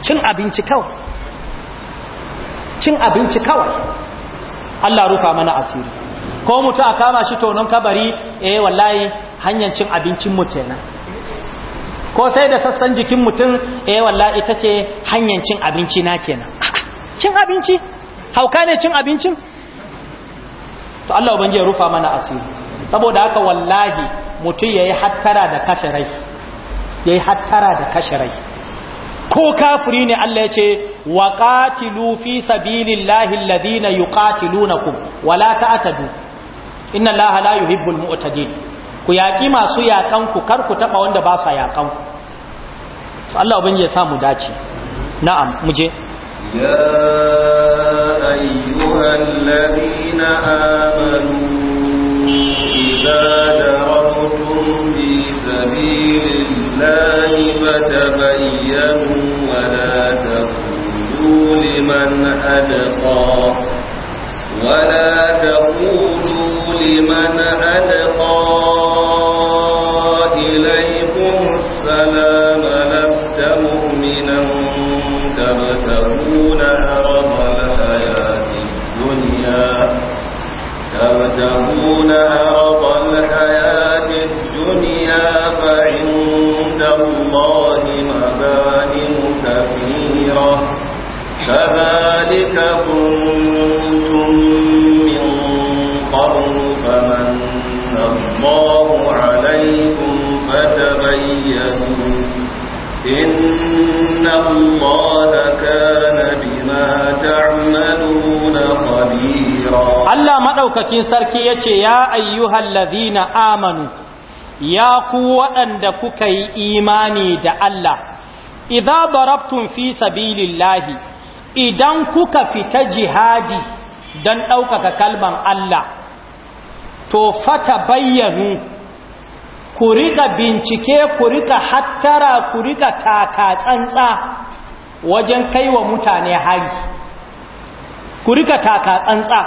cin abinci kawai cin abinci kawai Allah rufa mana asiri ko mutum a kama shi tonon kabari eh wallahi hanyar cin abincin mu kenan ko sai da sassan jikin mutum eh wallahi ita ce hanyar cin abinci na kenan cin abinci hauka ne cin abincin to Allah ubangi ya rufa mana asiri saboda haka wallahi mutum yayi hattara da yayi hattara da kashe rai ko kafiri ne Allah ya ce wa qatilu fi sabilillahi alladhina yuqatilunakum wala ta'tadu inna Allaha la yuhibbul mu'tadin ku yaki masu yakan ku kar ku taba wanda ba sa yakan ku Allah ubangi ya samu dace na'am muje ya أيها الذين آمنوا إذا دعوتم في سبيل الله فتبينوا ولا تقولوا لمن أدقى ولا تقولوا لمن ألقى إليكم السلام لست مؤمنا تبتغون تبتغون عرض الحياة الدنيا فعند الله مبالغ كثيرة كذلك كنتم من قبل فمن الله عليكم فتبينوا إن الله كان بما تعملون maɗaukakin sarki ya ce ya ayyuhallazina amanu ya ku waɗanda kuka yi imani da Allah idan darabtum fi sabilillahi idan kuka fita jihadi don ɗaukaka kalman Allah to fata bayyanu ku rika bincike ku rika hattara ku rika taka tsantsa wajen kaiwa mutane hari ku rika taka tsantsa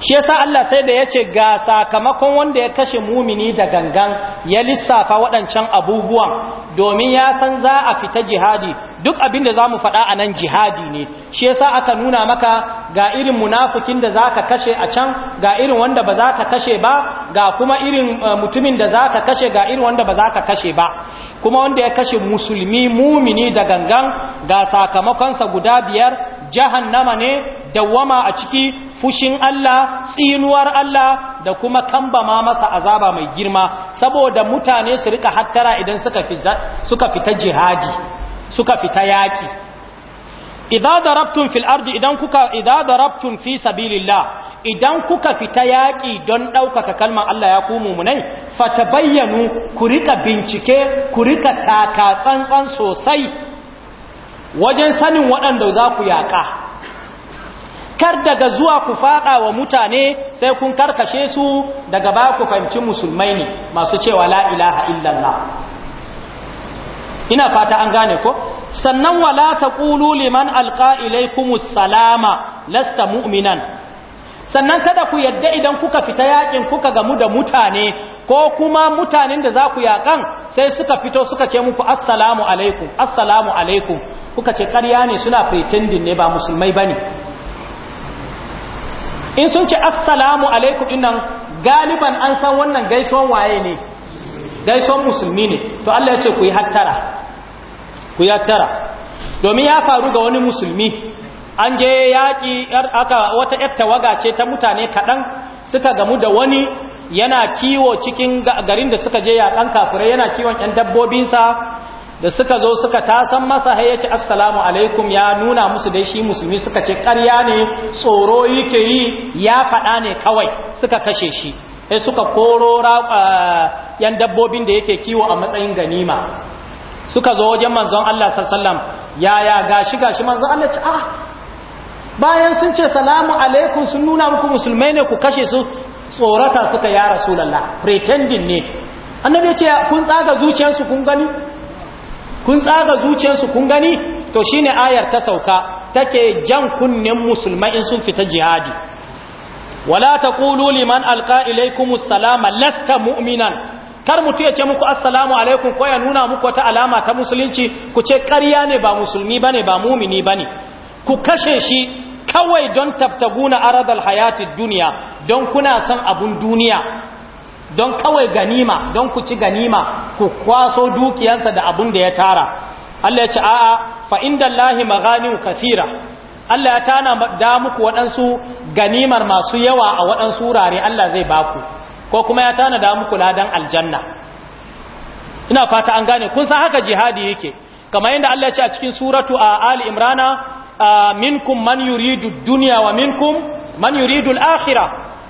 shi yasa Allah sai da yace ga sakamakon wanda ya kashe mumini da gangan ya lissafa waɗancan abubuwan domin ya san za a fita jihadi duk abin da zamu faɗa a nan jihadi ne shi yasa aka nuna maka ga irin munafikin da zaka kashe a can ga irin wanda ba za ka kashe ba ga kuma irin eh, mutumin da ka kashe ga irin wanda ba za ka kashe ba kuma wanda ya kashe musulmi mumini da gangan ga sakamakonsa guda biyar jahannama ne dawwama a ciki fushin Allah tsinuwar Allah da kuma kambama masa azaba mai girma saboda mutane su rika hattara idan suka fita jihadi suka fita yaki idza darabtum fil ardi idan kuka idza darabtum fi sabilillah idan kuka fita yaki don daukaka kalman Allah ya ku mumunai fatabayyanu ku rika bincike ku rika taka tsantsan sosai wajen sanin waɗanda za ku yaƙa kar daga zuwa ku faɗa wa mutane sai kun karkashe su daga ba ku fahimci musulmai ne masu cewa la ilaha illallah ina fata an gane ko sannan wala ƙulu liman alƙa’ilai kuma salama lasta mu'minan sannan kada ku yadda idan kuka fita yakin kuka gamu da mutane ko kuma mutanen da za ku yaƙan sai suka fito suka ce muku assalamu alaikum assalamu alaikum kuka ce ƙarya ne suna pretending ne ba musulmai ba ne in sun ce assalamu alaikum dinnan galiban an san wannan gaisuwan waye ne gaisuwan musulmi ne to Allah ya ce ku yi hattara ku yi hattara domin ya faru ga wani musulmi an je yaƙi aka wata yar tawaga ce ta mutane kaɗan suka gamu da wani yana kiwo cikin garin da suka je yaƙan kafure yana kiwon yan dabbobinsa da suka zo suka tasan masa ya ce assalamu alaikum ya nuna musu dai shi musulmi suka ce ƙarya ne tsoro yake yi ya faɗa ne kawai suka kashe shi sai suka koro yan dabbobin da yake kiwo a matsayin ganima suka zo wajen manzon Allah ya ya gashi gashi manzon Allah ce a. bayan sun ce salamu alaikum sun nuna muku musulmai ne ku kashe su tsorata suka ya rasulallah pretending ne annabi ya ce kun tsaga zuciyarsu kun gani kun tsaga zuciyarsu kun gani to shine ayar ta sauka take jan kunnen musulmai in sun fita jihadi wala taqulu liman alqa ilaykum salama lasta mu'minan kar mutu ya ce muku assalamu alaikum ko ya nuna muku wata alama ta musulunci ku ce ƙarya ne ba musulmi bane ba mumini bane ku kashe shi kawai don tabtaguna aradal hayatid duniya don kuna son abun duniya don kawai ganima don ku ci ganima ku kwaso dukiyarsa da abun da ya tara Allah ya ce a'a fa indallahi maghanim Allah ya tana da muku waɗansu ganimar masu yawa a waɗansu wurare Allah zai baku ko kuma ya tana da muku ladan aljanna ina fata an gane kun san haka jihadi yake kamar yadda Allah ya ce a cikin suratu a Ali Imrana minkum man yuridu duniya wa minkum man yuridu al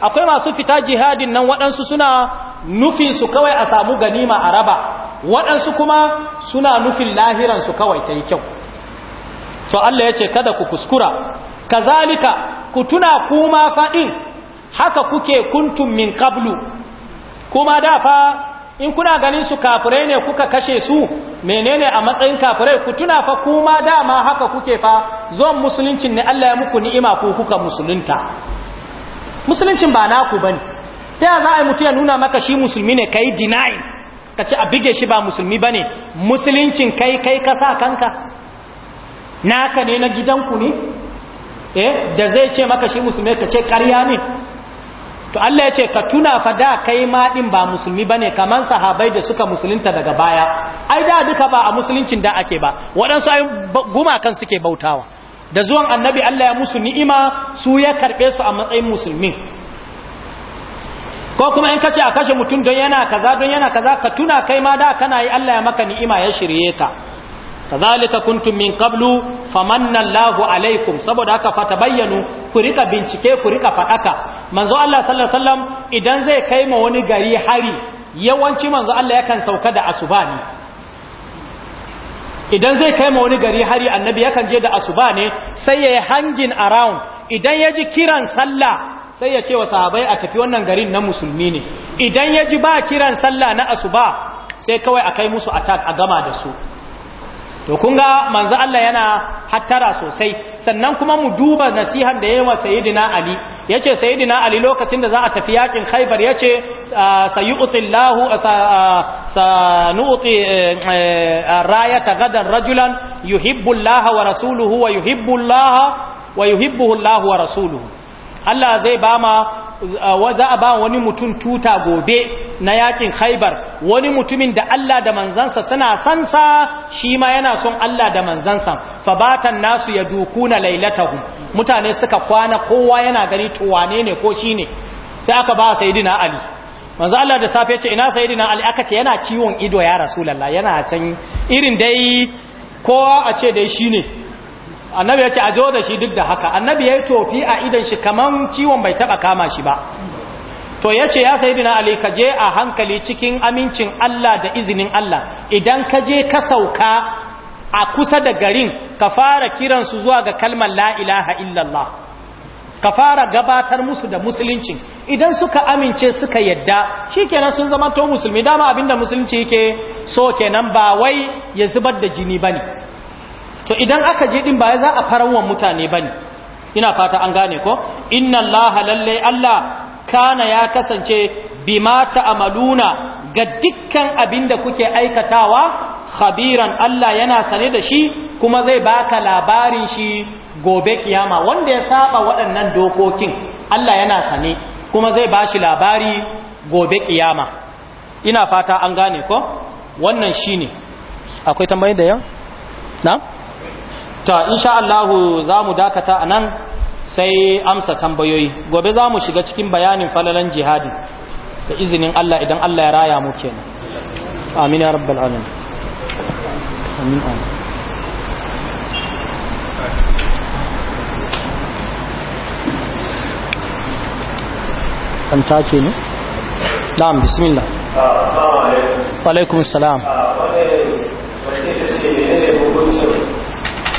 akwai masu fita jihadin nan waɗansu suna nufin su kawai a samu ganima a raba waɗansu kuma suna nufin lahiran su kawai ta yi kyau to Allah ya ce kada ku kuskura kazalika ku tuna kuma faɗin haka kuke kuntum min qablu kuma da fa in kuna ganin su kafirai ne kuka kashe su menene a matsayin kafirai ku tuna fa kuma dama haka kuke fa zon musuluncin ne Allah ya muku ni'ima ku kuka musulunta musuluncin ba naku bane ta za a yi mutu ya nuna maka shi musulmi ne kai deny? ka ce a bige shi ba musulmi bane musuluncin kai kai ka sa kanka naka ne na gidanku ne eh da zai ce maka shi musulmi ka ce ƙarya ne to Allah ya ce ka tuna fa da kai ma din ba musulmi bane kamar sahabbai da suka musulunta daga baya ai da duka ba a musuluncin da ake ba waɗansu ai gumakan suke bautawa da zuwan annabi Allah ya musu ni'ima su ya karɓe su a matsayin musulmi ko kuma in kace a kashe mutum don yana kaza don yana kaza ka tuna kai ma da kana yi Allah ya maka ni'ima ya shirye ka kazalika kuntum min qablu famanna Allahu alaikum saboda haka fa tabayyanu ku rika bincike ku rika fadaka manzo Allah sallallahu alaihi wasallam idan zai kai ma wani gari hari yawanci manzo Allah yakan sauka da asuba idan zai kai ma wani gari hari annabi yakan je da asuba ne sai yayi hangin around idan yaji kiran sallah sai ya ce wa sahabbai a tafi wannan garin na musulmi ne idan ya ji ba kiran sallah na asuba sai kawai akai musu attack a gama da su to kun ga manzo Allah yana hattara sosai sannan kuma mu duba nasihar da yayi wa sayyidina Ali yace sayyidina Ali lokacin da za a tafi yakin Khaibar yace sayu'tillahu sanu'ti eh, eh, rayata gadan rajulan yuhibbu Allah wa rasuluhu wa yuhibbu Allah wa yuhibbuhu Allah wa rasuluhu Allah zai bama za a ba wani mutum tuta gobe na yakin haibar wani mutumin da Allah da manzansa suna sansa shi ma yana son Allah da manzansa fabatan nasu ya duku na lailatahu mutane suka kwana kowa yana gani to wane ne ko shine sai aka ba sayyidina ali manzo Allah da safe ce ina sayyidina ali aka ce yana ciwon ido ya rasulullah yana can irin dai kowa a ce dai shine annabi ya ce a zo da shi duk da haka annabi ya yi tofi a idan shi kaman ciwon bai taba kama shi ba to ya ce ya bina ali ka je a hankali cikin amincin Allah da izinin Allah idan ka je ka sauka a kusa da garin ka fara kiransu zuwa ga kalmar la'ilaha illallah ka fara gabatar musu da musulunci idan suka amince suka yadda shikenan sun zama to musulmi dama abinda musulunci yake so kenan ba wai ya zubar da jini bane to idan aka je din ba za a farawan mutane ba ne ina fata an gane ko inna laha lalle allah kana ya kasance bima amaluna ga dukkan abin da kuke aikatawa khabiran allah yana sane da shi kuma zai baka labarin shi gobe kiyama wanda ya saba waɗannan dokokin allah yana sane kuma zai bashi labari gobe kiyama ina fata an gane ko wannan shine akwai tambayi da yau na'am ta insha Allah za mu dakata a nan sai amsa tambayoyi gobe za mu shiga cikin bayanin falalan jihadi da izinin Allah idan Allah ya raya mu kenan amin ya rabbal alamin amin amin kan take ne na'am bismillah ah, assalamu alaikum wa alaikum assalam ah,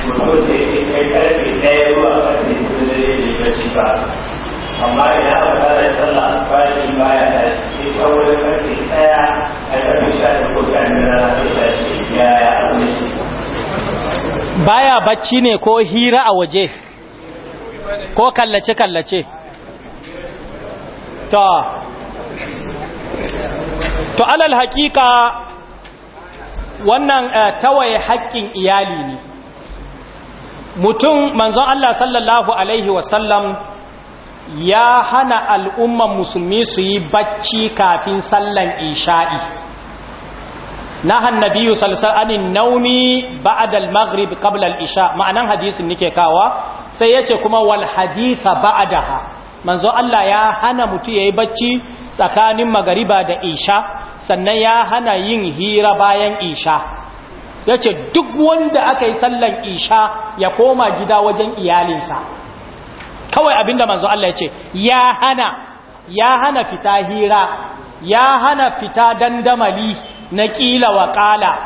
mutum sai kai karfe ɗaya zuwa karfe hudu da zai je bacci ba amma idan aka fara sallah baya tashi sai karfe ɗaya a karfe sha da ko rana sai baya bacci ne ko hira a waje ko kallace kallace to to alal haƙiƙa wannan eh, tawaye haƙƙin iyali ne mutum manzon Allah sallallahu alaihi wasallam ya hana al'umman musulmi su yi bacci kafin sallan isha'i na hannabiyu salsa'anin naumi ba'adal maghrib kablal isha ma'anan hadisin nike kawa sai yace kuma wal haditha ba'daha manzo Allah ya hana mutu yayi bacci tsakanin magariba da isha sannan ya hana yin hira bayan isha ya ce duk wanda aka yi sallan isha ya koma gida wajen iyalinsa kawai abinda manzo Allah ya ce ya hana ya hana fita hira ya hana fita dandamali na kila wa kala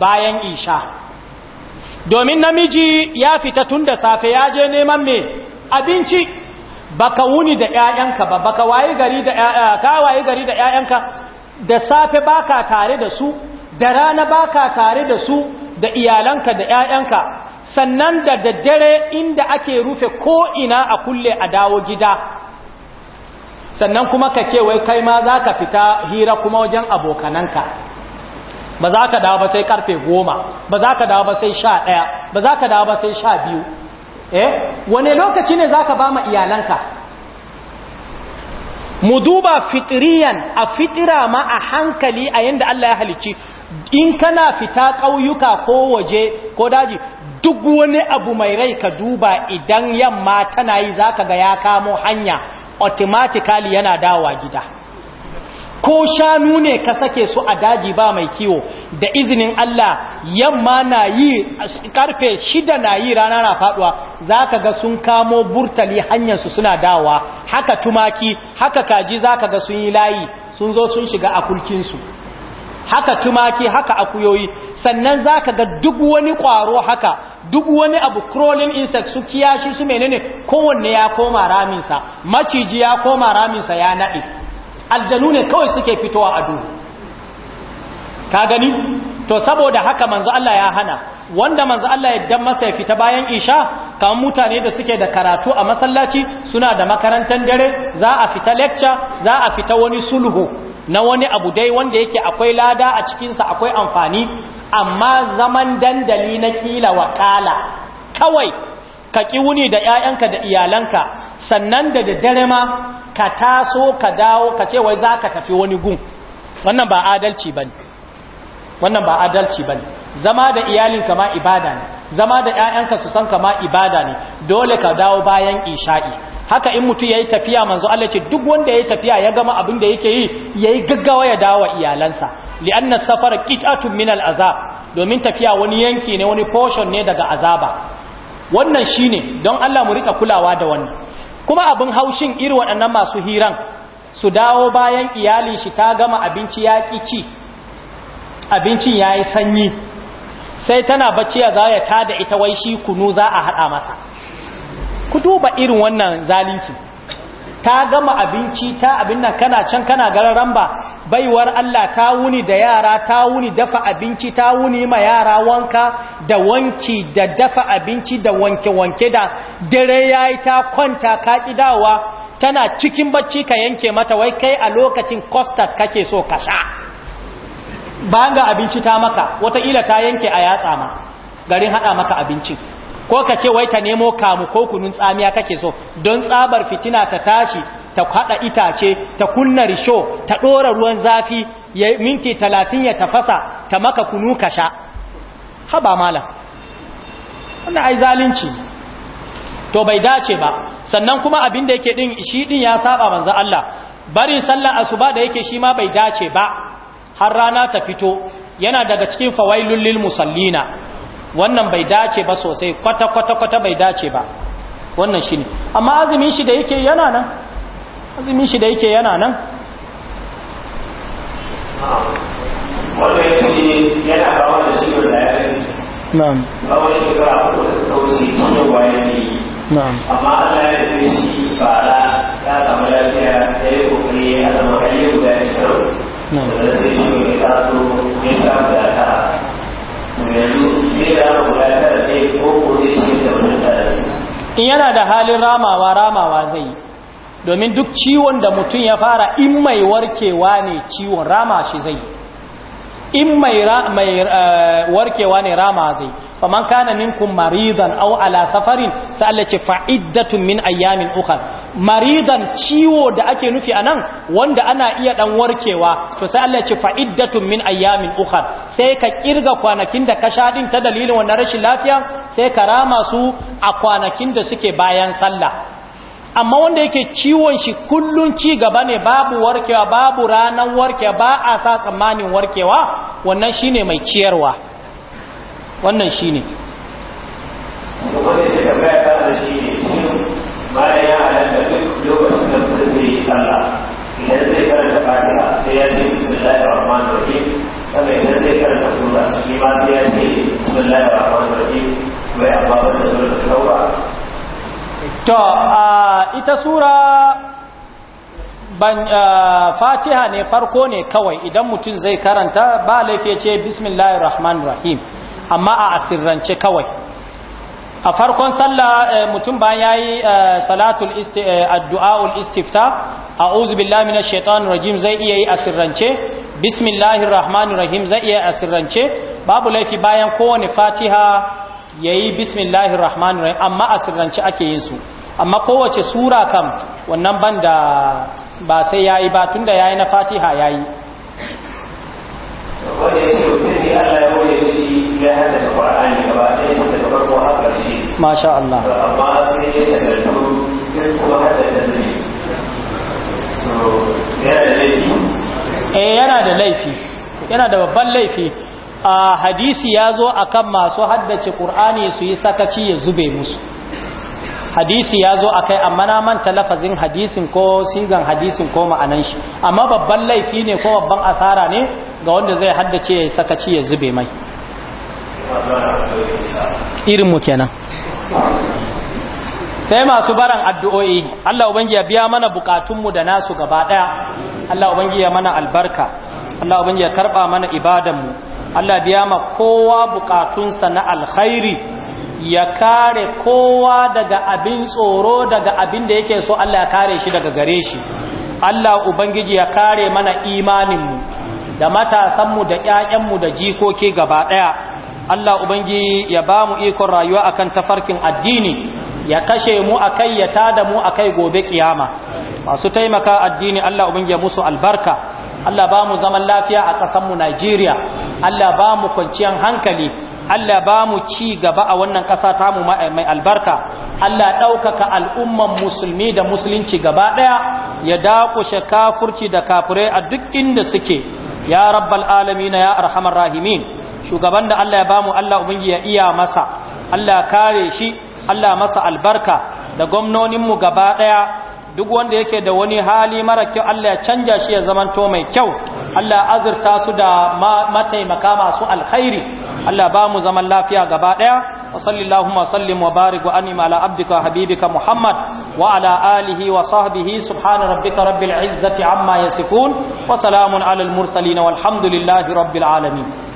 bayan isha domin namiji ya fita tun da safe ya je neman mai abinci baka wuni da ƴaƴanka ba baka wayi gari da ƴaƴanka da safe baka tare da su da rana baka tare da su da iyalanka da 'ya'yanka sannan da daddare inda ake rufe ko'ina a kulle a dawo gida sannan kuma ka ce wai kai ma za ka fita hira kuma wajen abokananka ba za ka dawo ba sai karfe goma ba za ka dawo ba sai sha ɗaya ba za ka dawo ba sai sha biyu eh wane lokaci ne za ka ba ma iyalanka mu duba fitiriyan a fitira ma a hankali a yadda Allah ya halicci in kana fita ƙauyuka ko waje ko daji duk wani abu mai rai ka duba idan yamma tana yi zaka ga ya kamo hanya automatically yana dawa gida ko shanu ne ka sake su a daji ba mai kiwo da izinin Allah yamma na yi karfe shida na yi rana na faduwa ka ga sun kamo burtali hanyarsu suna dawa haka tumaki haka kaji za ka ga sun yi layi sun zo sun shiga a akulkinsu haka tumaki haka akuyoyi sannan zaka ga duk wani kwaro haka duk wani abu crawling insect su kiyashi su menene kowanne ya koma raminsa maciji ya koma raminsa ya nade? aljanu ne kawai suke fitowa a duhu ka gani to saboda haka manzo Allah ya hana wanda manzo Allah ya dan masa ya fita bayan isha kan mutane da suke da karatu a masallaci suna da makarantar dare za a fita lecture za a fita wani sulhu na wani abu dai wanda yake akwai lada a cikinsa akwai amfani amma zaman dandali na kila wa kala kawai ka ƙi wuni da 'ya'yanka da iyalanka sannan da daddare ma ka taso ka dawo ka ce wai za ka tafi wani gun wannan ba adalci ba wannan zama da iyalinka ma ibada ne zama da 'ya'yanka su san kama ibada ne dole ka dawo bayan isha'i haka in mutum yi tafiya manzo Allah ce duk wanda yayi tafiya ya gama abin da yake yi ya yi gaggawa ya dawo iyalansa li'anna safara qit'atun min azab domin tafiya wani yanki ne wani portion ne daga azaba wannan shine don Allah mu rika kulawa da wannan kuma abin haushin iri waɗannan masu hiran su dawo bayan iyalin shi ta gama abinci yaƙi ci abincin yayi sanyi sai tana bacci ya zaya ta da ita wai shi kunu za a haɗa masa ku duba irin wannan zalunci ta gama abinci ta abin nan kana can kana garan ramba baiwar Allah ta wuni da yara ta wuni dafa abinci ta wuni ma yara wanka da wanki da dafa abinci da wanke-wanke da dare yayi ta kwanta ka'idawa tana cikin bacci ka yanke mata wai kai a lokacin kostat kake so ka sha ba ga abinci ta maka wata wataƙila ta yanke a yatsa ma garin haɗa maka abinci ko ka ce wai ta nemo kamu ko kunun tsamiya kake so don tsabar fitina ta tashi ta haɗa itace ta kunna risho ta ɗora ruwan zafi ya minti talatin ya tafasa ta maka kunu ka sha haba malam wannan ai zalunci to bai dace ba sannan kuma abin da yake din shi din ya saba manzo Allah barin sallar asuba da yake shi ma bai dace ba har rana ta fito yana daga cikin fawailul lil musallina wannan bai dace ba sosai kwata kwata kwata bai dace ba wannan shine amma azumin shi da yake yana nan azumin shi da yake yana nan wanda yake yana ba wanda shi da lafiya Na'am. Bawa shekara ko ta wanda waye ne. Na'am. Amma Allah ya yi shi ba ya samu lafiya ya yi kokari ya zama kai guda ya in yana da halin ramawa ramawa zai yi domin duk ciwon da mutum ya fara in mai warkewa ne ciwon rama shi zai in mai eh, warkewa ne rama zai faman kana minkum maridan aw ala safarin sai Allah ce fa'iddatun min ayyamin ukhra maridan ciwo da ake nufi anan wanda ana iya dan warkewa to sai Allah ce fa'iddatun min ayyamin ukhra sai ka kirga kwanakin da ka sha din ta dalilin wannan rashin lafiya sai ka rama su a kwanakin da suke bayan sallah amma wanda yake ciwon shi kullun ci gaba ne babu warkewa babu ranan warkewa ba a sa tsammanin warkewa wannan shine mai ciyarwa wannan shi ne idan zai karanta ya idan zai karanta sura shi ya ba da sura ta to a ita sura ban fatiha ne farko ne kawai idan mutum zai karanta ba laifi ya ce bismillahir rahmanir rahim amma a asirrance kawai a farkon sallah eh, mutum ba ya yi eh, salatul eh, addu'a'ul istifta a uzubillah mina shaitanun rajim zai iya yi asirrance bismillahir rahmanir rahim zai iya asirrance babu laifi bayan kowane fatiha ya yi bismillahir rahmanir rahim amma asirrance ake yin su amma kowace sura kam wannan banda ba sai ya yi ba tun da ya yi na fatiha ya yi ya ya haddasa Qur'ani gaba ɗaya sa daga farko har ƙarshe masha Allah amma sai ya shagaltu sai kuma haddasa zai yana da laifi eh yana da laifi yana da babban laifi a hadisi ya zo akan masu haddace Qur'ani su yi sakaci ya zube musu hadisi ya zo a kai amma na manta lafazin hadisin ko sigan hadisin ko ma'anan shi amma babban laifi ne ko babban asara ne ga wanda zai haddace ya sakaci ya zube mai irin mu kenan sai masu baran addu'o'i Allah ubangi ya biya mana bukatunmu da nasu gaba daya Allah ubangi ya mana albarka Allah ubangi ya karɓa mana ibadanmu Allah biya ma kowa bukatunsa na alkhairi ya kare kowa daga abin tsoro daga abin da yake so Allah ya kare shi daga gare shi Allah ubangiji ya kare mana imaninmu da matasanmu da ƴaƴanmu da jikoki gaba daya Allah ubangi ya ba mu ikon rayuwa akan tafarkin addini ya kashe mu akai ya tada mu akai gobe kiyama masu taimaka addini Allah ubangi ya musu albarka Allah ba mu zaman lafiya a ƙasar mu Najeriya Allah ba mu kwanciyar hankali Allah ba mu ci gaba a wannan ƙasa ta mu mai albarka, Allah ɗaukaka al'umman musulmi da musulunci gaba ɗaya ya daƙushe kafurci da kafurai a duk inda suke, ya rabbal na ya arhamar rahimin. shugaban da Allah ya bamu Allah ubangi ya iya masa Allah kare shi Allah masa albarka da gwamnoninmu gaba ɗaya duk wanda yake da wani hali mara kyau Allah ya canja shi ya zamanto mai kyau Allah azurta su da mataimaka masu alkhairi Allah bamu zaman lafiya gaba daya wa sallallahu wa sallim wa barik wa anima ala abdika wa habibika Muhammad wa ala alihi wa sahbihi subhana rabbika rabbil izzati amma yasifun wa salamun ala al mursalin walhamdulillahi rabbil alamin